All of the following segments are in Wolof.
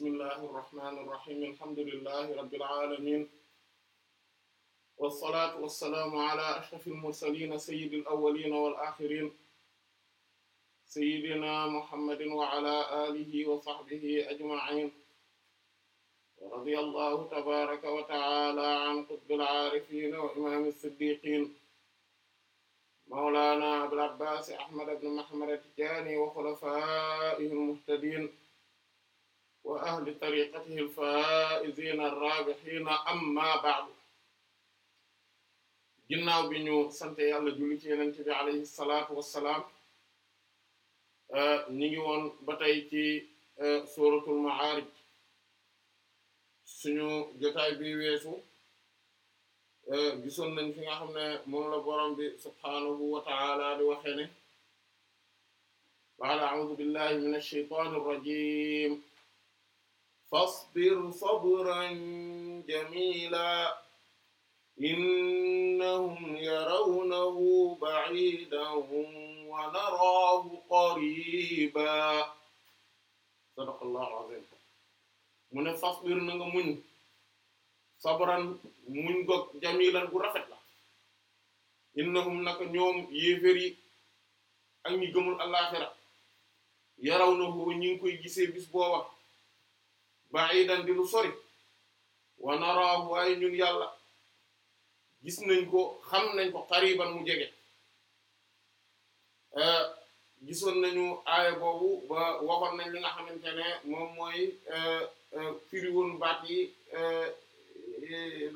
bismillahi irrahmani irrahim alhamdulillahi rabbil alamin wassalatu wassalaamu ala ashrafi almursalina sayidi alawalina wal axirin sayidina muhammadin wa ala alihi wa sahbihi ajmain wa radiya allahu tabaraka wa taala an qutbil aarifin wa imam siddiqin mawlana abil abbas ahmad ibn muhammad at-tijani wa xulafaihi almuhtadin wa ahli tariqatihi al-faa'iziina ar-raabihiina ammaa ba'du ginnaaw bi ñu sant yàlla julli ci yonent bi alayhi salaatu wassalaam ñu ngi woon ba tey ci suuratul Ma'aarij suñu jotaay bi weesu gisoon nañ fi nga xam ne moom la bi subhaanahu wa ta'aala di waxee ne ba'da a'uuzu billahi mina shaytaani rajiim fasbir sabran jamila innahum yarawnahu ba'idan wa naraahu qariba sadaqallahu azim mu ne fasbir na muñ sabran muñ gog jamilan bu rafet la innahum naka ñoom yéefér yi ak ñi gëmul àllaaxira yarawnahu ñi ngi koy gisee bis booba ba'idan di lu sori wa naraahu waaye ñun yàlla gis nañ ko xam nañ ko qariban mu jege euh, gisoon nañu aaya boobu ba waxoon nañ li nga xamante ne moom mooy euh, euh, firiwoon baat yi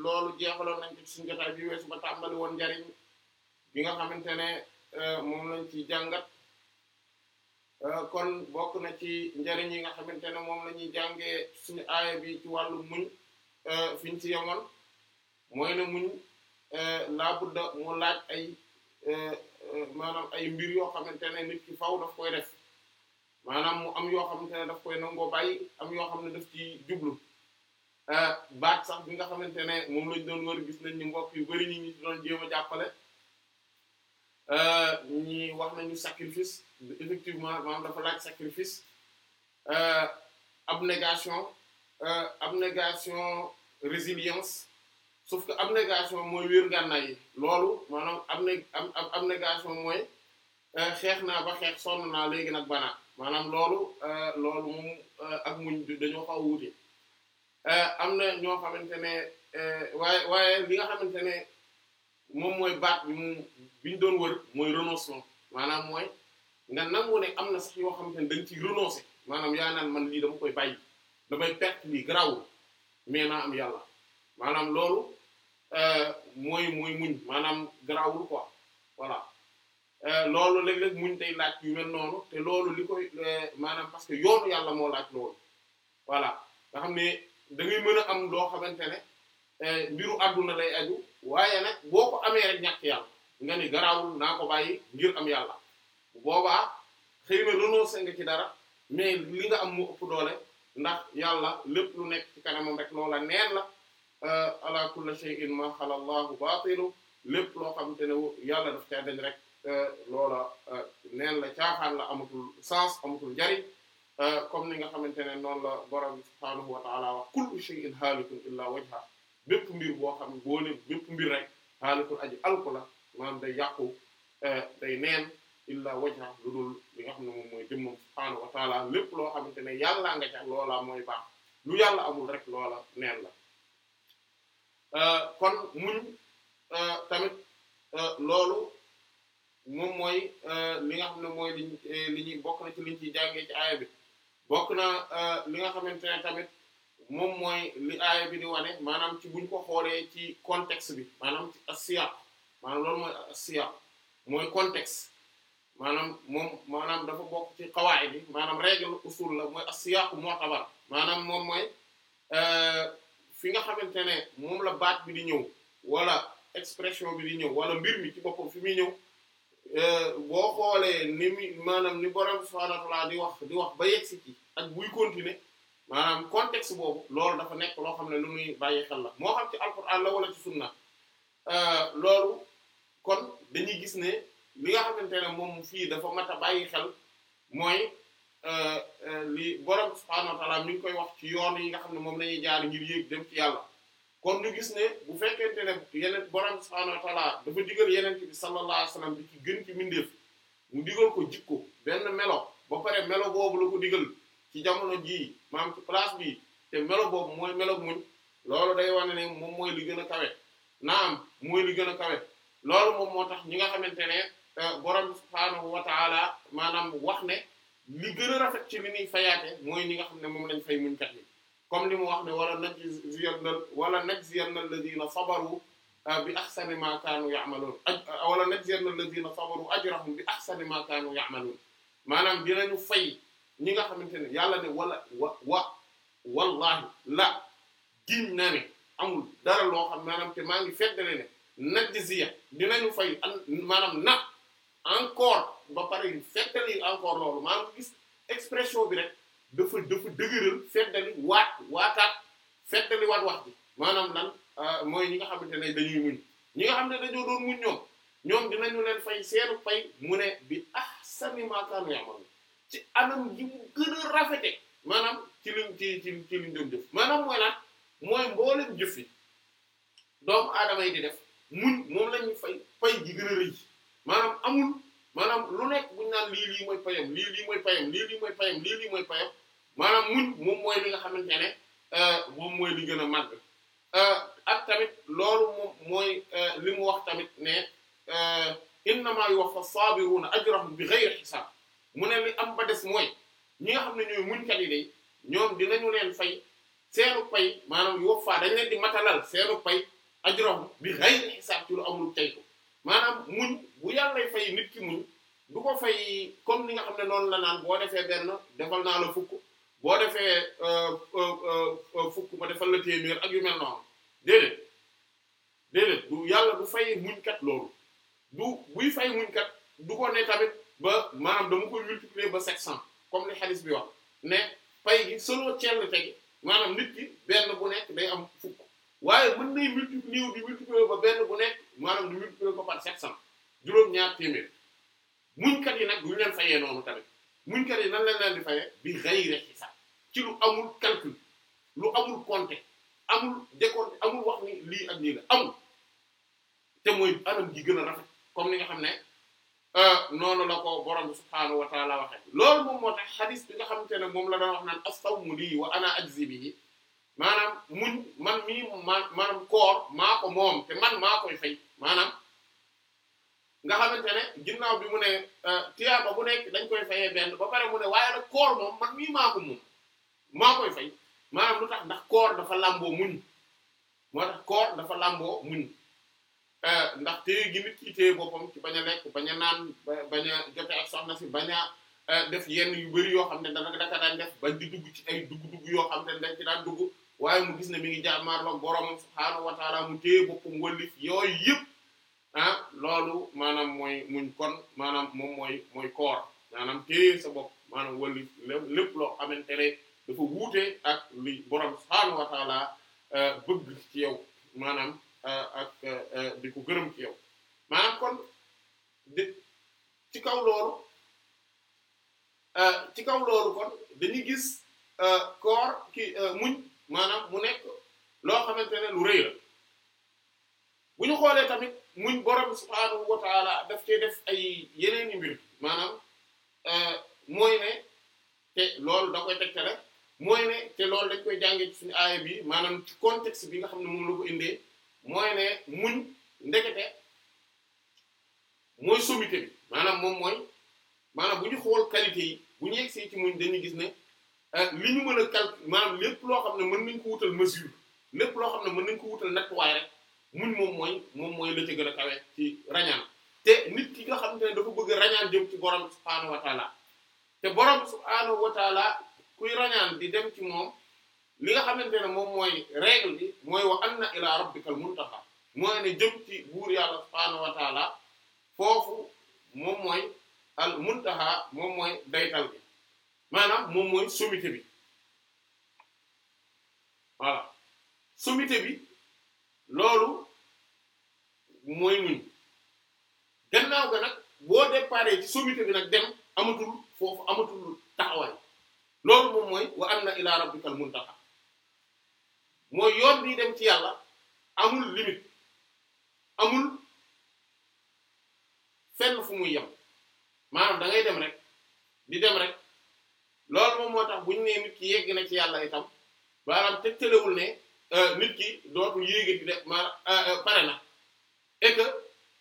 loolu jeexaloon nañ ci suñu jotaay bi weesu ba tàmbali woon njariñ bi nga xamante ne moom lañ ci jàngat Euh, kon bokk na ci njariñ yi nga xamante ne moom lañuy jànge jàngee suñu aaya bi ci wàllu muñ euh, fi ñu ci yemoon mooy na muñ euh, laa budda mu laaj ay maanaam ay mbir yoo xamante ne nit ki faw daf koy def maanaam mu am yoo xamante ne daf koy nango bàyyi am yoo xam ne daf ci jublu baat sax bi nga xamante ne moom lañ doon war gis nañ ni mbokk yu bari ñi ñu doon jéem jàppale Euh, ñi wax nañu sacrifice effectivement maanaam dafa laaj sacrifice euh, abnégation euh, abnégation résilience sauf que abnégation mooy wéer ngànnaay yi loolu maanaam abné abnégation mooy xeex naa ba xeex sonn naa léegi nag banaa maanaam loolu loolu moom ak muñ dañoo xaw wuute am na ñoo xamante ne waaye waaye li nga xamante ne moom mooy baat bi mu bi ñu doon wër mooy renoncement maanaam mooy nga nangu ne am na sax yoo xamante ne dañ ciy renoncer maanaam yaa naan man lii dama koy bàyyi damay perte lii garaawul mais naa am yàlla maanaam loolu euh, mooy mooy muñ maanaam garaawul ko voilà euh, loolu léeg-léeg muñ tey laaj yu mel noonu te loolu li koy euh, maanaam parce que yoonu yàlla moo laaj loolu voilà nga xam ne da mën a am loo xamante ne mbiru àdduna lay aju. waaye nag boo ko amee rek ñàkk yàlla nga ni garaawul naa ko bàyyi ngir am yàlla boobaa xëy na renoncé nga ci dara mais li nga am mu ëpp doole ndax yàlla lépp lu nekk ci kanamam rek loola neen la euh, ala kulli shay'in ma xala allahu baatilu lépp loo xamante ne yàlla daf caa rek euh, loola euh, neen la caaxaan la amatul sens amatul njariñ comme ni nga xamante ne noonu la borom bi subhaanahu wa ta'ala wax kullu shay'in haalikun illa wajha bépp mbir boo xam boo ne bépp mbir rek xaalikul aji alku la maanaam day yàqu eh, day neen illa wajha lu dul li nga xam ne moom mooy jëmmam subhaanahu wa taala lépp loo xamante ne yàllaa nga ca loola mooy baax lu yàlla amul rek loola neen la eh, kon muñ eh, tamit loolu moom mooy li nga xam ne mooy li li ñuy bokk na ci liñ ciy jàngee ci aaya bi bok na li nga xamante ne tamit moom mooy li aaya bi di wane maanaam ci buñ ko xoolee ci contexte bi maanaam ci asiyaq maanaam loolu mooy asiyaq mooy maanaam moom dafa bokk ci qawaid yi maanaam règle usul la mooy asiyaq mu'tabar maanaam moom mooy euh, fi nga xamante ne moom la baat bi di ñëw wala expression bi di ñëw wala mbir mi ci boppam fi muy ñëw euh, boo xoolee ni mi maanaam ni borom subhanahu wa di wax di wax ba yegg si ak buy continuer maanaam contexte boobu loolu dafa nekk loo xam ne lu muy bàyyi xel la moo xam ci alquran la wala ci na euh, loolu kon dañuy gis ne li nga xamante ne moom fii dafa mat a bàyyi xel mooy euh, euh, li borom subhaanahu wa ta'aala mi ngi koy wax ci yoon yi nga xam ne moom la ñuy jaar ngir yéeg dem ci yàlla kon ñu gis ne bu fekkente ne yeneen borom subhaanahu wa ta'aala dafa digal yeneen bi sallallahu alayhi wa bi ci gën ci mindeef mu digal ko jikko benn melo ba pare melo boobu la ko digal. ci jamono jii maam place bi te melo boobu mooy melo muñ loolu day wane ne moom mooy li gën a kawe naam mooy li gën a kawe loolu moom moo tax ñi nga xamante ne euh, borom subhaanahu wa taala maanaam wax ne li gën rafet ci li ñuy fayaate mooy ñi nga xam ne moom lañ fay muñkat yi comme li mu wax ne wala najziyanna wala najziyanna alladhina sabaru euh, bi ahsani ma kaanu ya'malun wala najziyanna alladhina sabaru ajrahum bi ahsani ma kaanu ya'malun maanaam dinañu fay ñi nga xamante ne yàlla ne wala wa wa wallahi la giñ na ne amul dara loo xam maanaam te maa ngi feddale ne dina ñu fay an maanaam na encore ba pare feddali encore loolu maanaam gis expression bi rek dafa dafa dëgëral feddali waat waataat feddali waat wax bi maanaam lan euh, mooy ñi nga xamante ne dañuy muñ ñi nga xam ne dañoo doon muñ ñoom ñoom dinañu leen fay seenu fay mu ne bi ahsani ma kaanu ya'malun ci anam gi mu gën rafete maanaam ci luñ ci ci ci luñ doon jëf maanaam mooy lan mooy mboolem jëf yi doomu aadama yi di def muñ moom la ñuy fay fay ji gën a rëy maanaam amul maanaam lu nekk buñ naan lii lii mooy payam lii lii mooy payam lii lii mooy payam lii lii mooy maanaam muñ moom mooy li nga xamante ne euh, moom mooy li gën a màgg euh, ak tamit loolu moom mooy euh, li mu wax tamit ne innamaa yuwaffa saabiruna ajrahum bi a hisaab mu ne li am ba des mooy ñi nga xam ne ñooy muñkat yi day ñoom ñu leen fay seenu pay maanaam yu wafaa dañ leen di matalal seenu pay ajrohum bi ghayri hisaab ci lu amul taytu maanaam muñ bu yàllay fay nit ki muñ du ko fay comme ni nga xam ne noonu la naan boo defee benn defal naa la fukk boo defee euh, euh, euh, fukk ma defal la téeméer ak yu mel noonu déedéet déedéet du yàlla du fay muñkat loolu du buy fay muñkat du ko ne tamit ba maanaam dama koy multiplier ba 700 comme li xalis bi wax ne pay gi solo cell tegi maanaam nit ki benn bu nekk day am fukk waaye mën nay multiplier di ba benn bu nekk maanaam di multiplier ko par 700 juróom-ñaar téeméer muñkat yi nag duñu leen fayee noonu tamit muñkat yi nan leen leen di fayee bi ghayri hisab ci lu amul calcul lu amul compter amul décompte amul wax ni lii ak nii la amul te mooy anam ji gën a rafet comme ni nga xam ne. Ah, noonu la ko borom bi subhaanahu wa taala waxe loolu moom moo tax xadis bi nga xamante ne moom la doon wax naan as-sawmu lii wa ana ajzi bihi maanaam muñ man mii koor maa ko moom fay maanaam nga xamante ne ginnaaw bi mu ne ah, tiyaaba bu nekk dañ koy fayee benn ba pare mu ne waaye maa maa koy fay maanaam lu tax ndax koor dafa lambo muñ moo tax koor dafa làmboo muñ Eh, ndax téye gi nit ki téye boppam ci bañ a lekk bañ a naan bañ a jote ak soxna si bañ a eh, def yenn yu bari yoo xam ne dana daka daan def bañ di dugg ci ay dugg yoo xam ne dañ ci daan dugg waaye mu gis ne mi ngi jàmmaarloog boroom subhaanahu wa taala mu téye boppam yëpp ah, loolu maanaam mooy muñ kon maanaam moom mooy mooy koor maanaam téye sa bopp maanaam wallif lépp loo xamante ne dafa wuute ak li boroom subhaanahu wa taala eh, ci yow maanaam ak di ko gërëm ci yow maanaam kon di ci kaw loolu ci kaw loolu kon dañuy gis koor ki muñ maanaam mu nekk loo xamante ne lu rëy la bu ñu xoolee tamit muñ borom subhaanahu wa taala daf cee def ay yeneen i mbir maanaam mooy ne te loolu da koy tegtale mooy ne te loolu dañ koy jàngee ci suñu aaya bi maanaam ci contexte bi nga xam ne mun la ko indee mooy ne muñ ndekete mooy sommité bi maanaam moom mooy maanaam bu ñu xool qualité yi bu ñu yegsee ci muñ dañuy gis ne euh, li ñu mën a calcul maanaam lépp loo xam ne mën nañ ko wutal mesure lépp loo xam ne mën nañ ko wutal nattuwaay rek muñ moom mooy moom mooy la ca gën a kawe ci rañaan te nit ki nga xam ne dafa bëgg rañaan jëm ci borom subhaanahu wa te borom subhaanahu wa taala kuy rañaan di dem ci moom li nga xamante ne moom mooy règle bi mooy wa anna ila rabbikal muntaha mooy ne jëm ci buur yàlla subhaanahu wa taala foofu moom mooy al muntaha moom mooy daytal bi maanaam moom mooy sommité bi voilà sommité bi loolu mooy muñ gannaaw ga nag boo départ ci sommité bi nag dem amatul foofu amatul taxawaay loolu moom mooy wa anna ila rabbikal muntaha mooy yoon bi dem ci yàlla amul limite amul fenn fu muy yem maanaam dangay dem rek di dem rek loolu moom moo tax bu ñu nee nit ki yegg na ci yàlla itam maanaam tegtalewul ne euh, nit ki dootu yéege di def ma euh, euh, pare na et que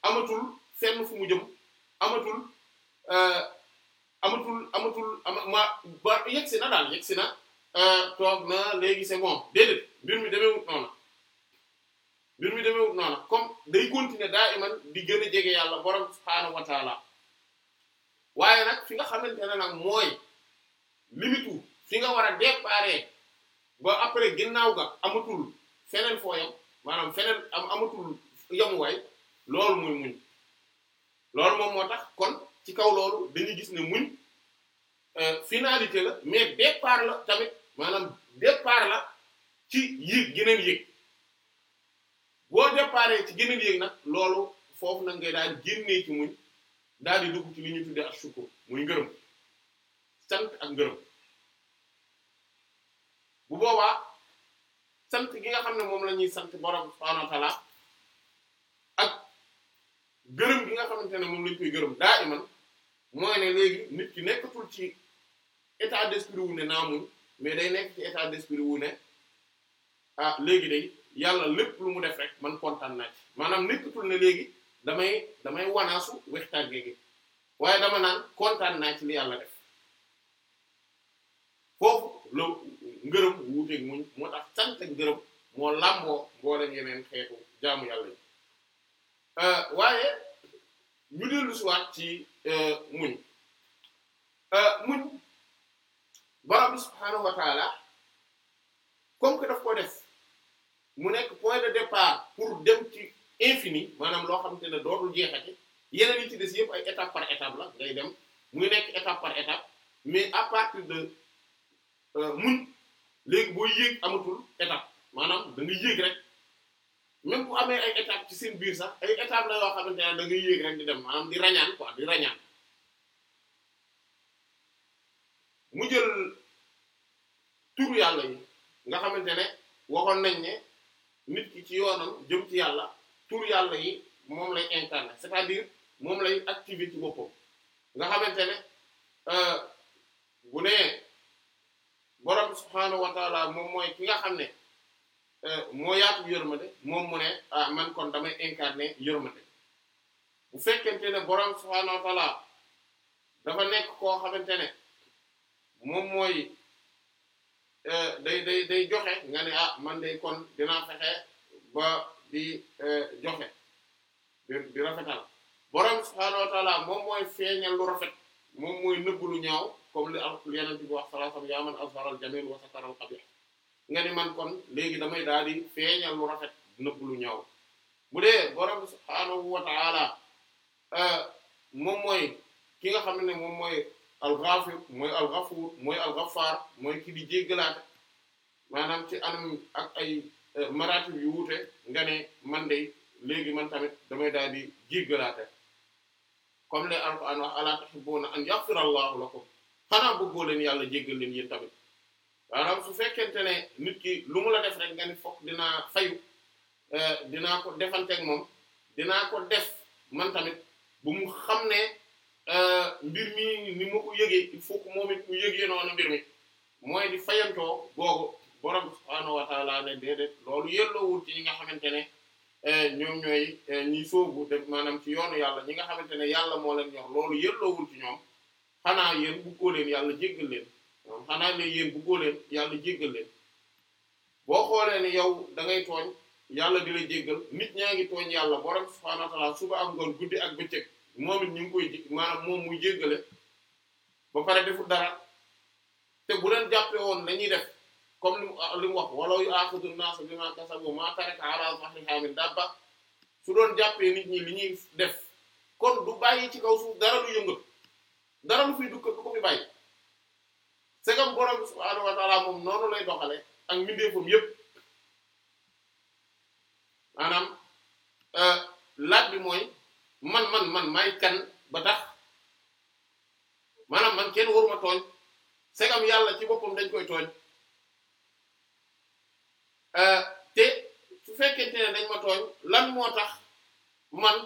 amatul fenn fu mu jëm amatul amatul amatul ama ma ba yegg si na daal yegg na toog na léegi c'est bon déedéet mbir mi demee wut noonu mbir mi demee wut noonu comme day continuer daa iman di gën a jege yàlla borom subhaanahu wa taala waaye nag fi nga xamante ne nag mooy limite fi nga war a déparé ba après ginnaaw ga amatul feneen foo yam maanaam feneen am amatul yamuwaay loolu mooy muñ loolu moom moo tax kon ci kaw loolu dañuy gis ne muñ euh, finalité la mais départ la tamit. maanaam départ la ci yéeg geneen yéeg boo départ ci geneen yéeg nag loolu foofu nag ngay daal di génnee ci muñ daal di dugg ci li ñu tuddee ak sukkur muy ngërëm sant ak ngërëm bu boobaa sant gi nga xam ne moom la ñuy sant borom subhaanahu wa ak gërëm gi nga xamante ne moom lañ koy gërëm daa iman mooy ne léegi nit ki nekkatul ci état d'esprit wu ne naa muñ mais day nekk ci état d'esprit wu ne ah léegi day yàlla lépp lu mu def rek man kontaan naa ci maanaam nekkatul ne léegi damay damay wanaasu wextaange gi waaye dama naan kontaan naa ci li yàlla def foofu la ngërëm wuuteeg muñ moo tax sant ak ngërëm moo làmboo mboolem yeneen xeetu jaamu yàlla yi euh, waaye ñu dellu si waat ci euh, muñ euh, muñ borom bi subhaanahu wa taala comme que daf ko def mu nekk point de départ pour dem ci infini maanaam loo xamante ne dootul jeexati yeneen yi ci des yëpp ay étape par étape la ngay dem muy nekk étape par étape mais à partir de euh, muñ léegi boo yéeg amatul étape maanaam da nga yéeg rek même bu amee ay étape ci seen biir sax ay étape la yoo xamante ne da nga yéeg rek di dem maanaam di rañaan quoi di rañaan mu jël turu yàlla yi nga xamante ne waxoon nañ ne nit ki ci yoonam jëm ci yàlla turu yàlla yi moom lay incarné c'est-à-dire moom lay activé ci nga xamante ne euh, bu nee borom subhaanahu wa moom mooy ki nga xam ne euh, moo yaatu yërmande moom mu ne ah, man kon damay incarné yërmande bu fekkente ne borom subhaanahu wa dafa nekk koo xamante ne. moom mooy euh, day day day joxe nga ne ah man day kon dinaa fexe ba di euh, joxe di di rafetal borom subhaanahu wa taala moom mooy feeñal lu rafet moom mooy nëbbu lu ñaaw comme li al yeneen bi wax sallallahu alayhi wa sallam yaa man azhara al jamil wa satara nga ni man kon léegi damay daal di feeñal lu rafet nëbbu lu ñaaw bu dee borom subhaanahu wa taala euh, moom mooy ki nga xam ne moom mooy. al-Ghafir mooy al-Ghafur mooy al-Ghaffar mooy ci anam ay eh, maratib yu wuute nga ne man de léegi man tamit damay daal di jéggalaate comme le Alxuraan wax alaa tuhibbuuna an yaghfira Allahu lakum xanaa bëggoo leen yàlla jéggal leen yéen tamit maanaam su fekkente ne nit ki lu mu la def rek nga ni fokk dinaa fayu eh, dinaa ko defanteeg moom dinaa ko def man tamit bu xam ne Euh, mbir mi ni ma ko yëgee il faut que moom it mu yëgee noonu mbir mi mooy di fayantoo googu borom subhaanahu wa taala ne loolu yelloowul ci ñi nga xamante ne euh, ñoom ñooy euh, ñiy sóobu def maanaam ci yoonu yàlla ñi nga xamante ne yàlla moo leen ñor loolu yelloowul ci ñoom xanaa yéen buggoo leen yàlla jéggal leen xanaa ne yéen buggoo leen yàlla jéggal leen boo xoolee ne yow dangay ngay tooñ yàlla di la jéggal nit ñaa ngi tooñ yàlla borom subhaanahu wa taala suba am ngoon moom it ñu ngi koy ji maanaam moom muy jéggale ba pare defu dara te bu leen jàppe woon lañuy def comme li mu ah, wax walaw yu aaxidu naasa bimaa kasabu maa taraka alaa zahrihaa min dabba su doon jàppee nit ñi li ñuy def kon du bàyyi ci kaw suuf dara lu yëngat dara lu fiy dukka du ko fi bàyyi segam borom bi subhaanahu wa taala moom noonu lay doxale ak mbindeefam yépp maanaam euh, laaj bi mooy man man man may kan ba tax maanaam man kenn waruma tooñ segam yàlla ci boppam dañ koy tooñ euh, te su fekkente ne dañ ma tooñ lan moo tax man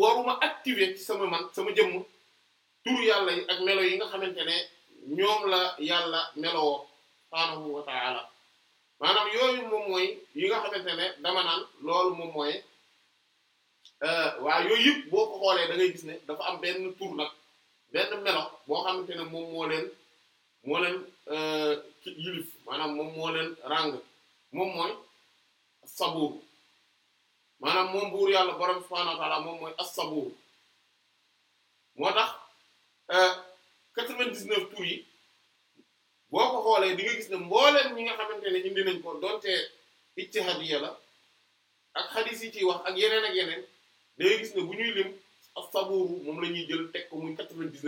waruma activer sama man sama jëmm tur yàlla yi ak melo yi nga xamante ne ñoom la yàlla melowoo subhaanahu wa ta'ala maanaam yooyu moom mooy yi nga xamante ne dama naan loolu moom mooy Euh, waaw yooyu yëpp boo ko xoolee da gis ne dafa am benn tur nag benn melo boo xamante ne moom moo leen moo leen euh, yilif maanaam moom moo leen ràng moom mooy sabuur maanaam moom buur yàlla borom moom mooy as moo tax euh, quatre-vingt-dix-neuf yi boo ko xoolee di nga gis ne mbooleen ñi nga xamante ne indi nañ ko donte ijtihaadiya la ak xadiis yi ciy wax ak yeneen ak yeneen day gis ne bu ñuy lim ab saburu moom la ñuy jël teg ko muy quatre vingt dix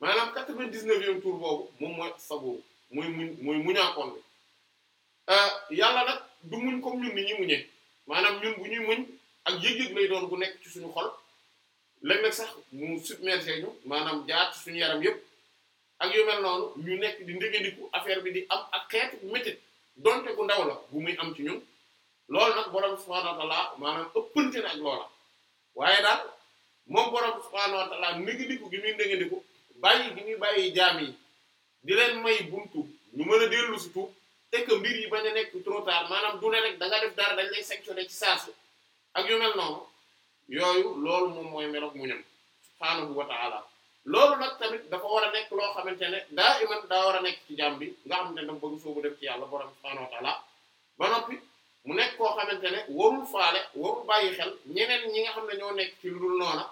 maanaam quatre-vingt-dix-neuvième tour boobu moom mooy as-saburu mooy muñ mooy muñaakoon bi euh, yàlla nag du muñ comme ñun ni ñuy muñee maanaam ñun bu ñuy muñ ak yëg-yëg lay doon bu nekk ci suñu xol léeg-léeg sax mu submergé ñu maanaam jaar ci suñu yaram yépp ak yu noonu ñu nekk di ndégandiku affaire bi di am ak xeet métit donte bu ndaw la bu muy am ci ñun loolu nag borom subhaanahu wa ta'aala maanaam ëppante na ak loola waaye daal moom borom subhaanahu wa ta'aala négandiku gi muy négandiku bàyyi gi muy bàyyi jaam yi di leen may buntu ñu mën a dellu si tuub te que mbir yi ba a nekk trop maanaam du ne rek da def dara dañ lay sanctionné ci saasu ak yu mel noonu yooyu loolu moom mooy melook mu ñam subhaanahu wa loolu nag tamit dafa war a nekk loo xamante ne daa iman daa war a nekk ci jaam bi nga xamante ne dama bëgg def ci yàlla borom subhaanahu wa mu nekk koo xamante ne warul faale warul bàyyi xel ñeneen ñi nga xam ne ñoo nekk ci lu dul noona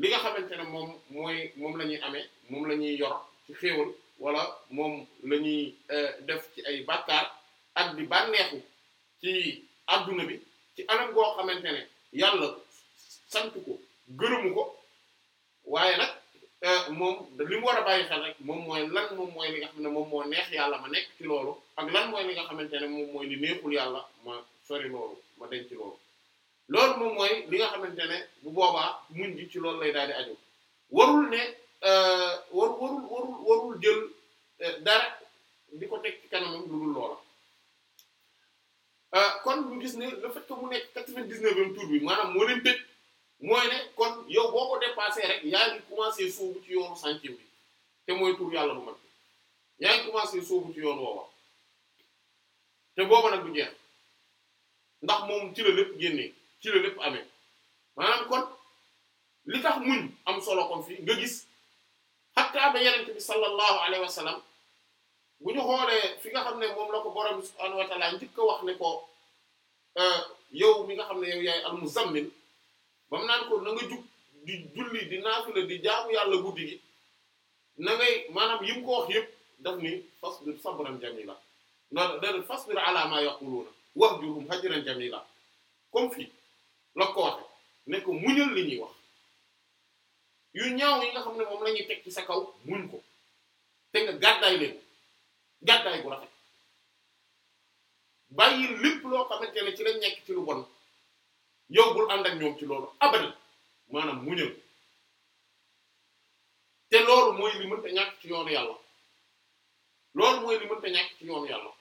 li nga xamante ne moom mooy moom la ñuy amee moom la ñuy yor ci xéewal wala moom la ñuy euh, def ci ay bàkkaar ak di bànneexu ci àdduna bi ci anam goo xamante ne yàlla sant ko gërëmu ko waaye nag Euh, moom li mu war a bàyyi xel rek moom mooy lan moom mooy li nga xam ne moom moo neex yàlla ma nekk ci loolu ak lan mooy li nga xamante ne moom mooy li neexul yàlla ma sori loolu ma denc ci loolu loolu moom mooy li nga xamante ne bu boobaa muñ ji ci loolu lay daal di aju warul ne euh, waru warul warul jël euh, dara di ko teg ci kanamam lu dul loola kon ñu gis ne le fait que mu nekk quatre-vingt-dix-neuvième tour bi maanaam moo leen tëj mooy ne kon yow boo ko dépassé rek yaa ngi commencé sóobu ci yoonu centième bi te mooy tur yàlla bu mag bi yaa ngi commencé sóobu ci yoonu woowa te booba nag du jeex ndax moom ci la lépp génnee ci la lépp amee maanaam kon li tax muñ am solo kon fii nga gis hatta ba yenent bi sallallahu alayhi wa bu ñu xoolee fi nga xam ne moom la ko borom bi subhanahu wa ta'ala wax ne ko euh, yow mi nga xam ne yow yaay mu muzammil ba mu naan ko na jug di julli di naafila di jaamu yàlla guddi gi na maanaam yi mu ko wax yëpp daf ni fasbir sabran jamila non da fasbir ala ma yaquluna wahjurhum hajran jamila comme fii la ko waxe muñal li ñuy wax yu ñaw yi nga xam ne moom lañuy teg ci sa kaw muñ ko te nga gàddaay leen gàddaay bu rafet bàyyi lépp loo xamante ne ci lañ ñekk ci lu bon yow bul ànd ak ñoom ci loolu abadal maanaam muñal te loolu mooy li mënta ñàkk ci yoonu yàlla loolu mooy li mënta ñàkk ci yoonu yàlla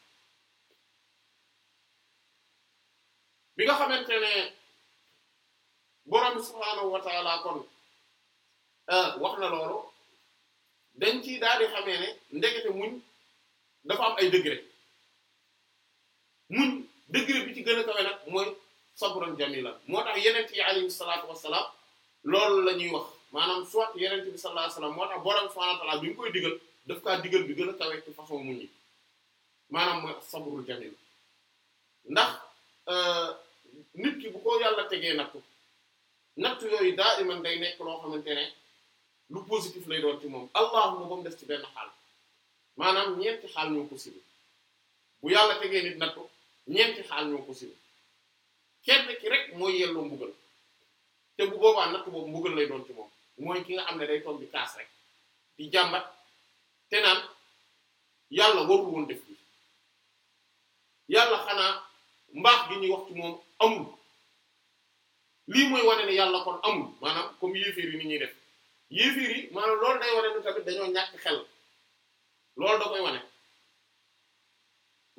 bi nga xamante ne borom subhaanahu wa euh, wax na loolu dañ ci daal di xamee ne ndekete muñ dafa am ay degré muñ degré bi ci gën a kawe nag mooy sabran jamila moo tax yenent yi alayhi salaatu wassalaam loolu la ñuy wax maanaam soit yenent bi sallallahu moo tax borom subhanahu wa ta'ala bi ñu koy digal daf kaa bi gën a kawe ci façon muñ yi maanaam mooy sabrul jamil ndax euh, nit ki bu ko yàlla tegee nattu nattu yooyu daa iman day nekk loo xamante ne lu positif lay moom allahuma ba mu benn xaal maanaam ñeenti xaal ñoo ko bu yàlla tegee nit nattu ñeenti xaal ñoo ko kenn ki rek mooy yelloo mbugal te bu boobaa natt boobu mbugal lay doon ci moom mooy ki nga am ne day toog di kaas rek di jàmbat te naan yàlla warul woon def bi yàlla xanaa mbaax gi ñuy wax ci moom amul lii mooy wane ne yàlla kon amul maanaam comme yéeféer yi ni ñuy def yéeféer yi maanaam loolu day wane ne tamit dañoo ñàkk xel loolu da koy wane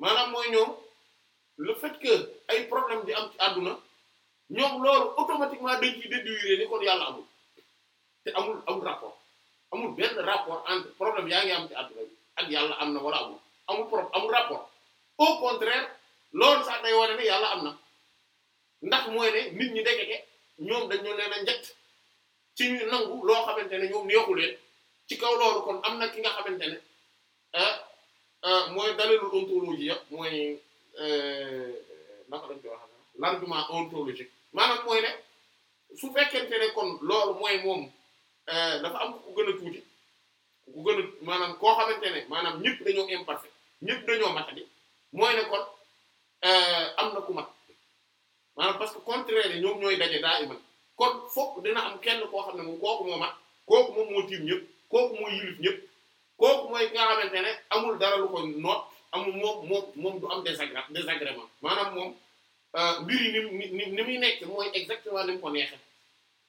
maanaam mooy ñoom le fait que ay problème di am ci àdduna ñoom loolu automatiquement dañ ciy déduire ni kon yàlla amul te amul amul rapport amul benn rapport entre problème yaa ngi am ci àdduna bi ak yàlla am na wala amul amul problème amul rapport au contraire loolu sax day ne yàlla am na ndax mooy ne nit ñi ndekete ñoom dañoo leen a njëkk ci ñu nangu loo xamante ne ñoom neexu leen ci kaw loolu kon am na ki nga xamante ne ah, ah mooy dalilu ontologie yëpp mooy. Euh, naka lañ koy waxee l'argument ontologique maanaam mooy ne su fekkente ne kon loolu mooy moom euh, dafa am ku gën a tuuti ku gën a maanaam koo xamante ne maanaam ñëpp dañoo imparfait ñëpp dañoo matadi mooy ne kon euh, am na ku mat maanaam parce que contraire ñoom ñooy daje daa iman kon fokk dina am kenn koo xam ne moom kooku moo mat kooku moom moo tiim ñëpp kooku mooy yilif ñëpp kooku mooy nga xamante ne amul dara lu ko noot amul moom moom moom du am désagré désagrément maanaam moom euh, mbir yi ni ni ni muy nekk mooy exactement ni mu ko neexee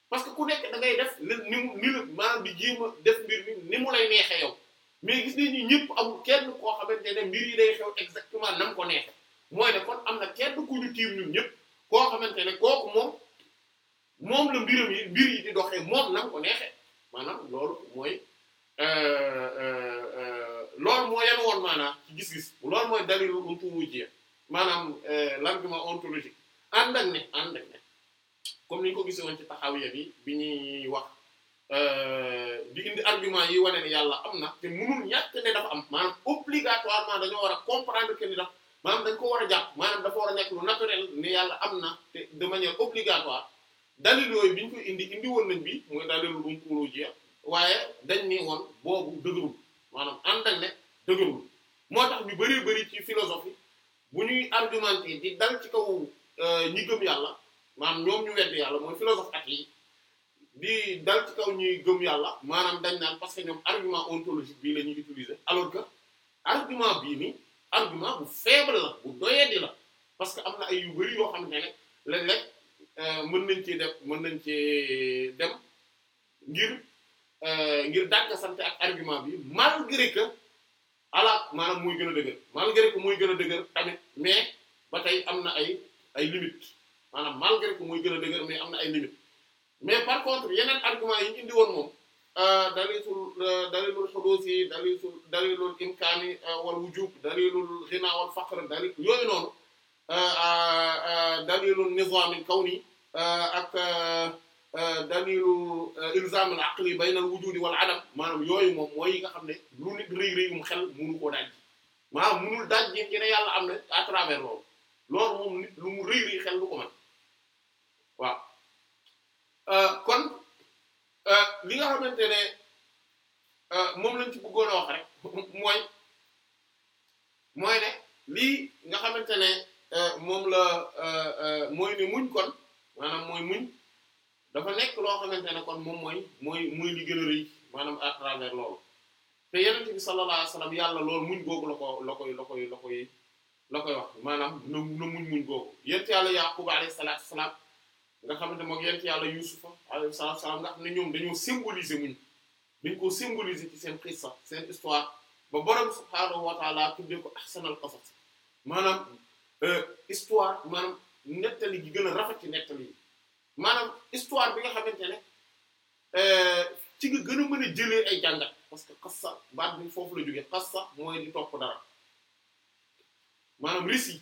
parce que ku nekk da def ni mu ni la maanaam di jéem a def mbir mi ni mu lay neexee yow mais gis nañ ni ñëpp amul kenn koo xamante ne mbir yi day xew exactement na mu ko neexee mooy ne kon am na kenn ku ñu tiim ñun ñëpp koo xamante ne kooku moom moom la mbiram yi mbir yi di doxee moom na ko neexee maanaam loolu mooy. Euh, euh, loolu moo yen woon maanaam ci gis-gis loolu mooy dalilu ontologie maanaam euh, l'argument ontologique ànd ak ne ànd ak ne comme ni ñu ko gisee woon ci taxawiya bi bi ñuy wax euh, di indi argument yi wane ne yàlla am na te mënul ñàkk ne dafa am maanaam obligatoirement dañoo war a comprendre que ni dafa maanaam dañ ko war a jàpp maanaam dafa war a nekk naturel ne yàlla am na te de manière obligatoire dalil bi ñu koy indi indi woon nañ bi mooy dalilu ontologie waaye dañ ni woon boobu maanaam ànd ak ne dëgërul moo tax ñu bari bari ci philosophie bu ñuy argumenter di dal ci kaw euh, ñi gëm yàlla maanaam ñoom ñu wedd yàlla mooy philosophe at yi di dal ci kaw ñuy gëm yàlla maanaam dañ naan parce que ñoom argument ontologique bii la ñuy utiliser alors que argument bii nii argument bu faible la bu doyadi la parce que am na ay yu bari yoo xam ne léeg-léeg euh, mën nañ ci def mën nañ ci dem ngir Euh, ngir dàkka sant ak argument bi malgré que ala maanaam muy gën a dëgër malgré que muy gën a dëgër tamit mais ba tey am na ay ay limites maanaam malgré que muy gën a dëgër mais am na ay limites mais par contre yeneen argument yi ñu indi woon moom euh, dalitul euh, dalilul xudus yi dalitul dalilul imkaani wal wujub dalilul xinaa wal faqr dalil yooyu noonu dalilul nizaamil kawni ak Euh, dalilu euh, ilzamul aqli baynal wujudi wal adam maanaam yooyu moom mooy yi nga xam ne lu nit rëy rëyum xel munu koo daj maanaam munul daj ji ne yàlla am na à travers loolu loolu moom lu mu rëy rëy xel lu ko mën waaw euh, kon li nga xamante ne moom lañ ci bëggoon lii nga xamante ne moom la mooy ne muñ kon maanaam mooy muñ dafa nekk loo xamante ne kon moom mooy mooy mooy li gën a rëy maanaam à travers loolu te yenent bi sallallahu alayhi yàlla loolu muñ googu loo ko la koy la koy la koy la koy wax maanaam na na muñ muñ googu yent yàlla yaqub alayhi salatu wasalaam nga xamante moom yent yàlla yusufa alayhi salatu wasalaam nga xam ne ñoom dañoo symboliser muñ dañ koo symboliser ci seen xissa seen histoire ba borom subhaanahu wa ta'ala tuddee ko ahsanal qasas maanaam euh, histoire maanaam nettali gi gën a rafet ci nettali maanaam histoire bi nga xamante ne euh, ci nga gën a mën a jëlee ay jàngat parce que xassa baat bi foofu la jógee xassa mooy di topp dara maanaam ris yi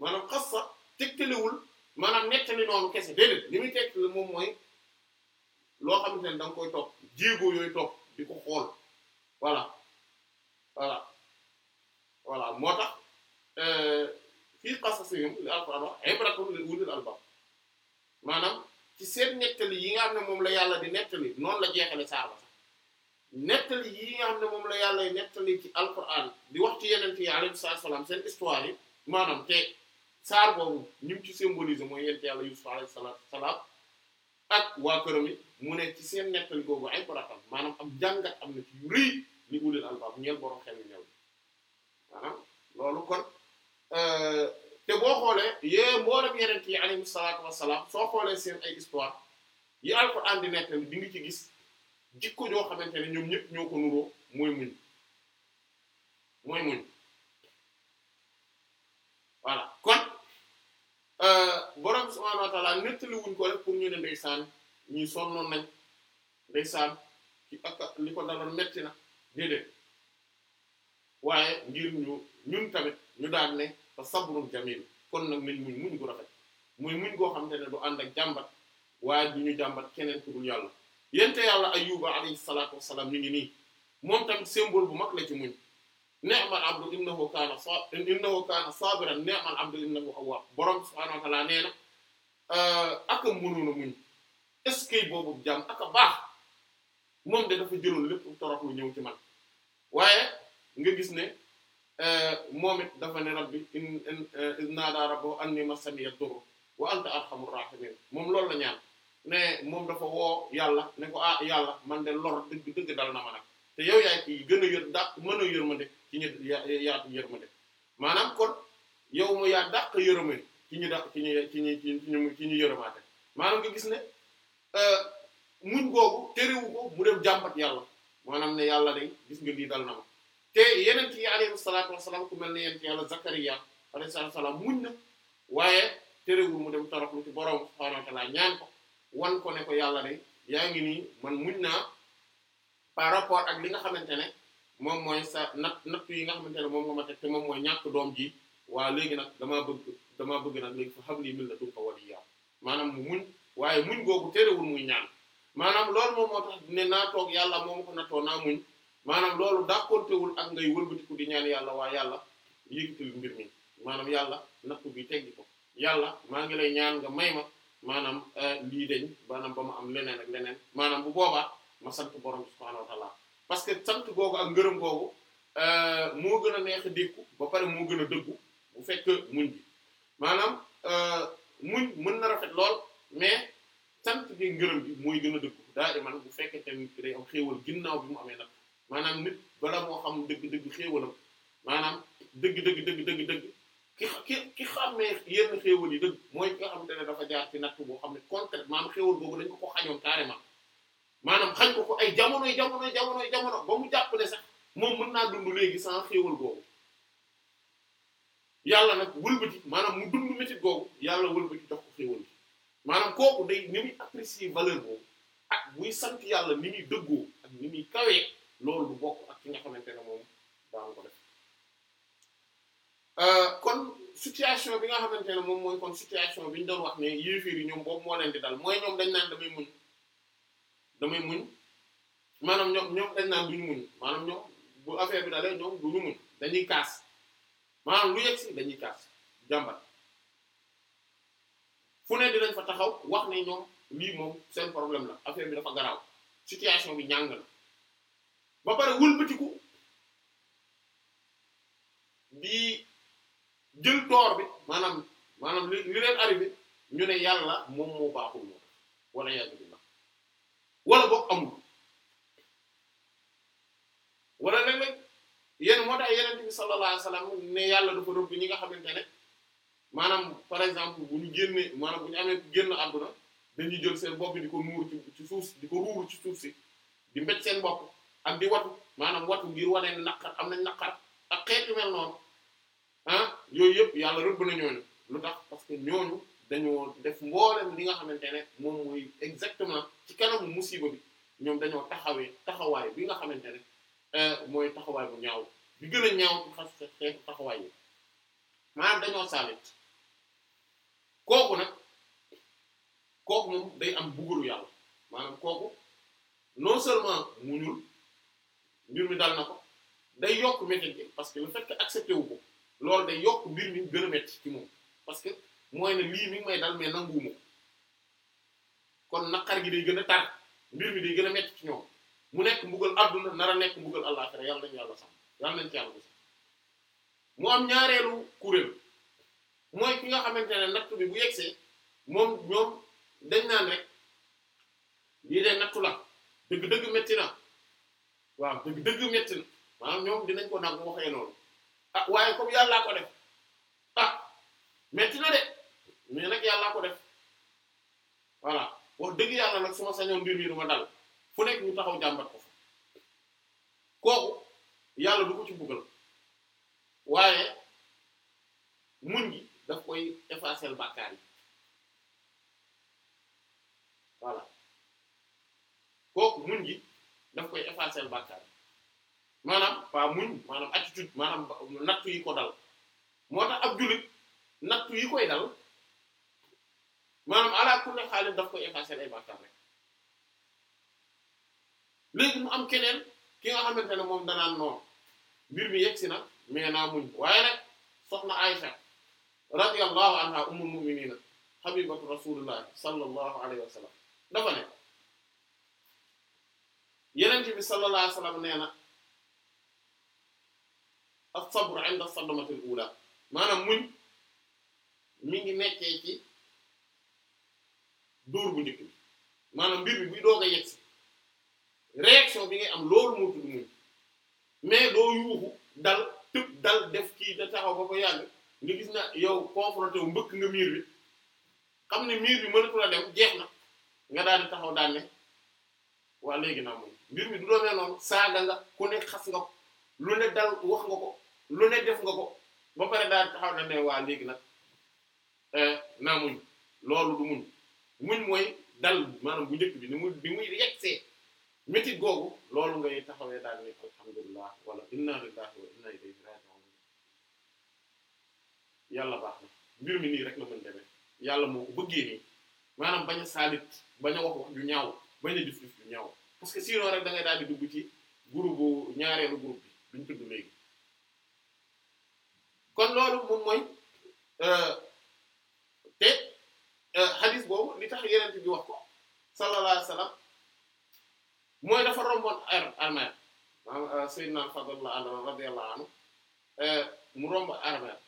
maanaam xassa tegtalewul maanaam nettali noonu kese déedéet li muy tegtale moom mooy loo xamante ne da koy topp jéego yooyu topp di ko xool voilà voilà voilà moo tax euh, fii xassa si ñoom Alxuraan wax ibratun li ulil albab maanaam ci seen nettali yi nga xam ne moom la yàlla di nettali noonu la jeexale saar ba sax nettali yi nga xam ne moom la yàlla nettali ci alquran di wax ci yeneen yi alayhi salaam seen histoire yi maanaam te saar boobu ñu ci symbolise mooy yent yàlla Yuusuf alayhi salaam ak waa këram yi mu ne ci seen nettali googu ay baratam maanaam am jàngat am na ci yu rëy li ulil albaab ñeel borom xel maanaam loolu kon. Euh, te boo xoolee yee mboolem yeneen yi alayhi salaatu wassalaam soo xoolee seen ay histoire yi alxuraan di nekk di nga ci gis jikko joo xamante ne ñoom ñëpp ñoo ko nuroo mooy muñ mooy muñ voilà kon euh, borom subhaanahu nettaliwuñ ko rek pour ñu ne ndeysaan ñi sonnoon nañ ndeysaan ci ak li ko daloon metti na déedéet waaye ngir ñu ñun tamit ñu daan ne. fa sabrun jamil kon nag nañ muñ muñ gu rafet muy muñ goo xamante ne du ànd ak jàmbat waaye du ñu jàmbat keneen ku dul yàlla yente yàlla ayuba alayhi salaatu wassalaam ñu ngi nii moom tamit symbole bu mag la ci muñ ni'mal abdu innahu kaana sa innahu kaana sabiran ni'mal abdu innahu awwaab borom subhaanahu wa ta'aala nee na euh, ak a mënoon a muñ est-ce que boobu jàmm ak a baax moom de dafa jëloon lépp torox ñëw ci man waaye nga gis ne Euh, moom it dafa ne rabbi in in euh, naadaa rabbahu anni massaniya durru wa anta arhamur rahimin moom loolu la ñaan ne moom dafa woo yàlla ne ko ah yàlla man de lor dëgg dëgg dal na ma nag te yow yaay ki gën a yër dàq mën a yërmande ci ñu maanaam kon yow mu yaa dàq yërëmande ci ñu dàq ci ñu ci ñu ci ñu ci ñu yërëmaate maanaam nga gis ne euh, muñ googu terewu ko mu dem jàmbat yàlla maanaam ne yàlla de gis nga lii dal na ma te yeneen yi alayhi salaatu wasalaam ku mel ne yent yàlla Zakariya alayhi salaatu wasalaam muñ na waaye terewul mu dem toroxlu ci borom subhaanahu wa ta'aala ñaan ko wan ko ne ko yàlla de yaa ngi nii man muñ naa par rapport ak li nga xamante ne moom mooy sa natt natt yi nga xamante ne moom nga ma teg te moom mooy ñàkk doom ji waa léegi nag damaa bëgg damaa bëgg nag léegi fa xam lii min la dul ko waliya maanaam mu muñ waaye muñ googu terewul muy ñaan maanaam loolu moom moo tax ne naa toog yàlla moom ko nattoo naa muñ maanaam loolu dàqontewul ak ngay wëlbatiku di ñaan yàlla waa yàlla yëkkatil mbir mi maanaam yàlla napp bi teggi ko yàlla maa ngi lay ñaan nga may ma maanaam euh, lii dañ maanaam ba ma am leneen ak leneen maanaam bu boobaa ma sant borom subhaanahu wa ta'ala parce que sant googu ak ngërëm googu euh, moo gën a neex a dékku ba pare moo gën a dëggu bu fekk muñ bi maanaam euh, muñ mën na rafet lool mais sant bi ngërëm bi mooy gën a dëggu daa iman bu fekkee tamit day am xéewal ginnaaw bi mu amee nag maanaam nit bala moo xam dëgg-dëgg xéewalam maanaam dëgg dëgg dëgg dëgg dëgg ki ki ki xamee yenn xéewal yi dëgg mooy ki nga xamante ne dafa jaar ci natt boo xam ne concrètement maanaam xéewal boobu dañ ko ko xañoon carrément maanaam xañ ko ko ay jamonoy jamonoy jamonoy jamono ba mu jàpp ne sax moom mën naa dund léegi sans xéewal boobu yàlla nag wëlbati maanaam mu dund métit boobu yàlla wëlbati jox ko xéewal bi maanaam kooku day ni muy apprécier valeur boobu ak buy sant yàlla ni muy dëggoo ak ni muy loolu du bokk ak ki nga xamante ne moom daan ko euh, kon situation bi nga xamante ne moom mooy kon situation bi ñu doon wax ne yéeféer yi ñoom boobu moo leen di dal mooy ñoom dañ naan damay muñ maanaam ñoom ñoom dañ naan duñu muñ maanaam bu affaire bi dalee ñoom duñu muñ dañuy kaas maanaam lu yegg si dañuy kaas jàmbat fu ne dinañ fa taxaw wax ne ñoom lii moom seen problème la affaire bi dafa garaaw situation bi ñàng na ba pare wëlbatiku di jël toor bi maanaam maanaam li li leen bi ñu ne yàlla moom moo baaxul moom wala yàlla bi wala boog amul wala léeg-léeg yéen moo tax yonent bi sallallahu alayhi wasallam ne yàlla du dafa rëbb ñi nga xamante ne maanaam par exemple bu ñu génnee maanaam bu ñu amee génn àdduna dañuy jël seen bopp di ko nuur ci suuf di ko ruuru ci suuf si di mbéj seen bopp. ak di watu maanaam watu ngir wane ne naqar am nañ naqar ak xeet yu noonu ah yooyu yëpp yàlla rëbb na ñooñu lu tax parce que ñooñu dañoo def mboolem li nga xamante ne moom mooy exactement ci kanamu musiba bi ñoom dañoo taxawee taxawaay bi nga xamante ne eh, mooy taxawaay bu ñaaw bi gën a ñaaw ci xas xeetu taxawaay yi maanaam dañoo saalit kooku nag kooku moom day am buguru yàlla maanaam kooku non seulement muñul mbir mi dal na ko day yokk métti parce que le fekk que accepté wu ko loolu day yokk mbir mi gën a métti ci moom parce que mooy ne lii mi ngi may dal mais nanguwuma ko kon naqar gi day gën a tar mbir mi day gën a métti ci ñoom mu nekk mbugal adduna nar a nekk mbugal àllaaxira yàlla nañu yàlla sax yàlla nañu ci yàlla sàmm mu am ñaareelu kuréel mooy ki nga xamante ne natt bi bu yegsee moom ñoom dañ naan rek lii de nattu la dëgg-dëgg métti na waaw dëgg dëgg métti na maanaam ñoom dinañ ko nag waxee noonu ah waaye comme yàllaa ko def ah métti na de mais nag yàllaa ko def voilà wax dëgg yàlla nag suma sañoon mbir mi ma dal fu nekk ñu taxaw jàmbat ko fa kooku yàlla du ko ci buggal waaye muñ gi daf koy effacer bàkkaar yi voilà kooku muñ gi daf koy effacer bàkkaar maanaam pas muñ maanaam attitude maanaam nattu yi ko dal moo tax ab jullit nattu yi koy dal maanaam ala kulli xaalis daf koy effacer ay bàkkaar rek léegi mu am keneen ki nga xamante ne moom danaan noonu mbir mi yegg si na mais naa muñ waaye nag soxna Aïcha radiyallahu anha ummul mu'minina habibatu rasulillahi sallallahu alayhi wa sallam dafa ne yenente bi sallallahu alayhi wasallam nee na as-sabr 'inda as-sadmati al-ula maanaam muñ mi ngi nekkee ci dóor bu njëkk bi maanaam mbir bi buy doog a yegg si réaction bi ngay am loolu moo tudd muñ mais doo yuuxu dal tëb dal def kii da taxaw ba ko yàgg nga gis na yow confronté wu mbëkk nga miir bi xam ne miir bi mënatu la dem jeex na nga daal di taxaw daan ne waa léegi naa muñ mbir mi du doonee noonu saaga nga ko lu ne dal wax def nga ko ba pare daal taxaw na ne waa léegi nag eh, naa muñ loolu du muñ muñ mooy dal maanaam bu njëkk bi ni mu bi muy yegsee métit googu loolu ngay taxawee daal ne alhamdulilah wala inna lillahi wa inna yàlla baax na mbir mi nii rek la mën demee yàlla moo ko bëggee nii maanaam bañ a saalit bañ a wax wax ju ñaaw bañ a jëf ju ñaaw parce que sinon rek da daal di dugg ci groupe bu ñaareelu groupe bi duñ tudd léegi kon loolu moom mooy euh, te euh, hadis boobu li tax yeneen bi wax ko sallallahu alayhi wasallam mooy dafa romboon armeel maanaam euh, Seydina Fadl radiyallahu anhu mu romb armeel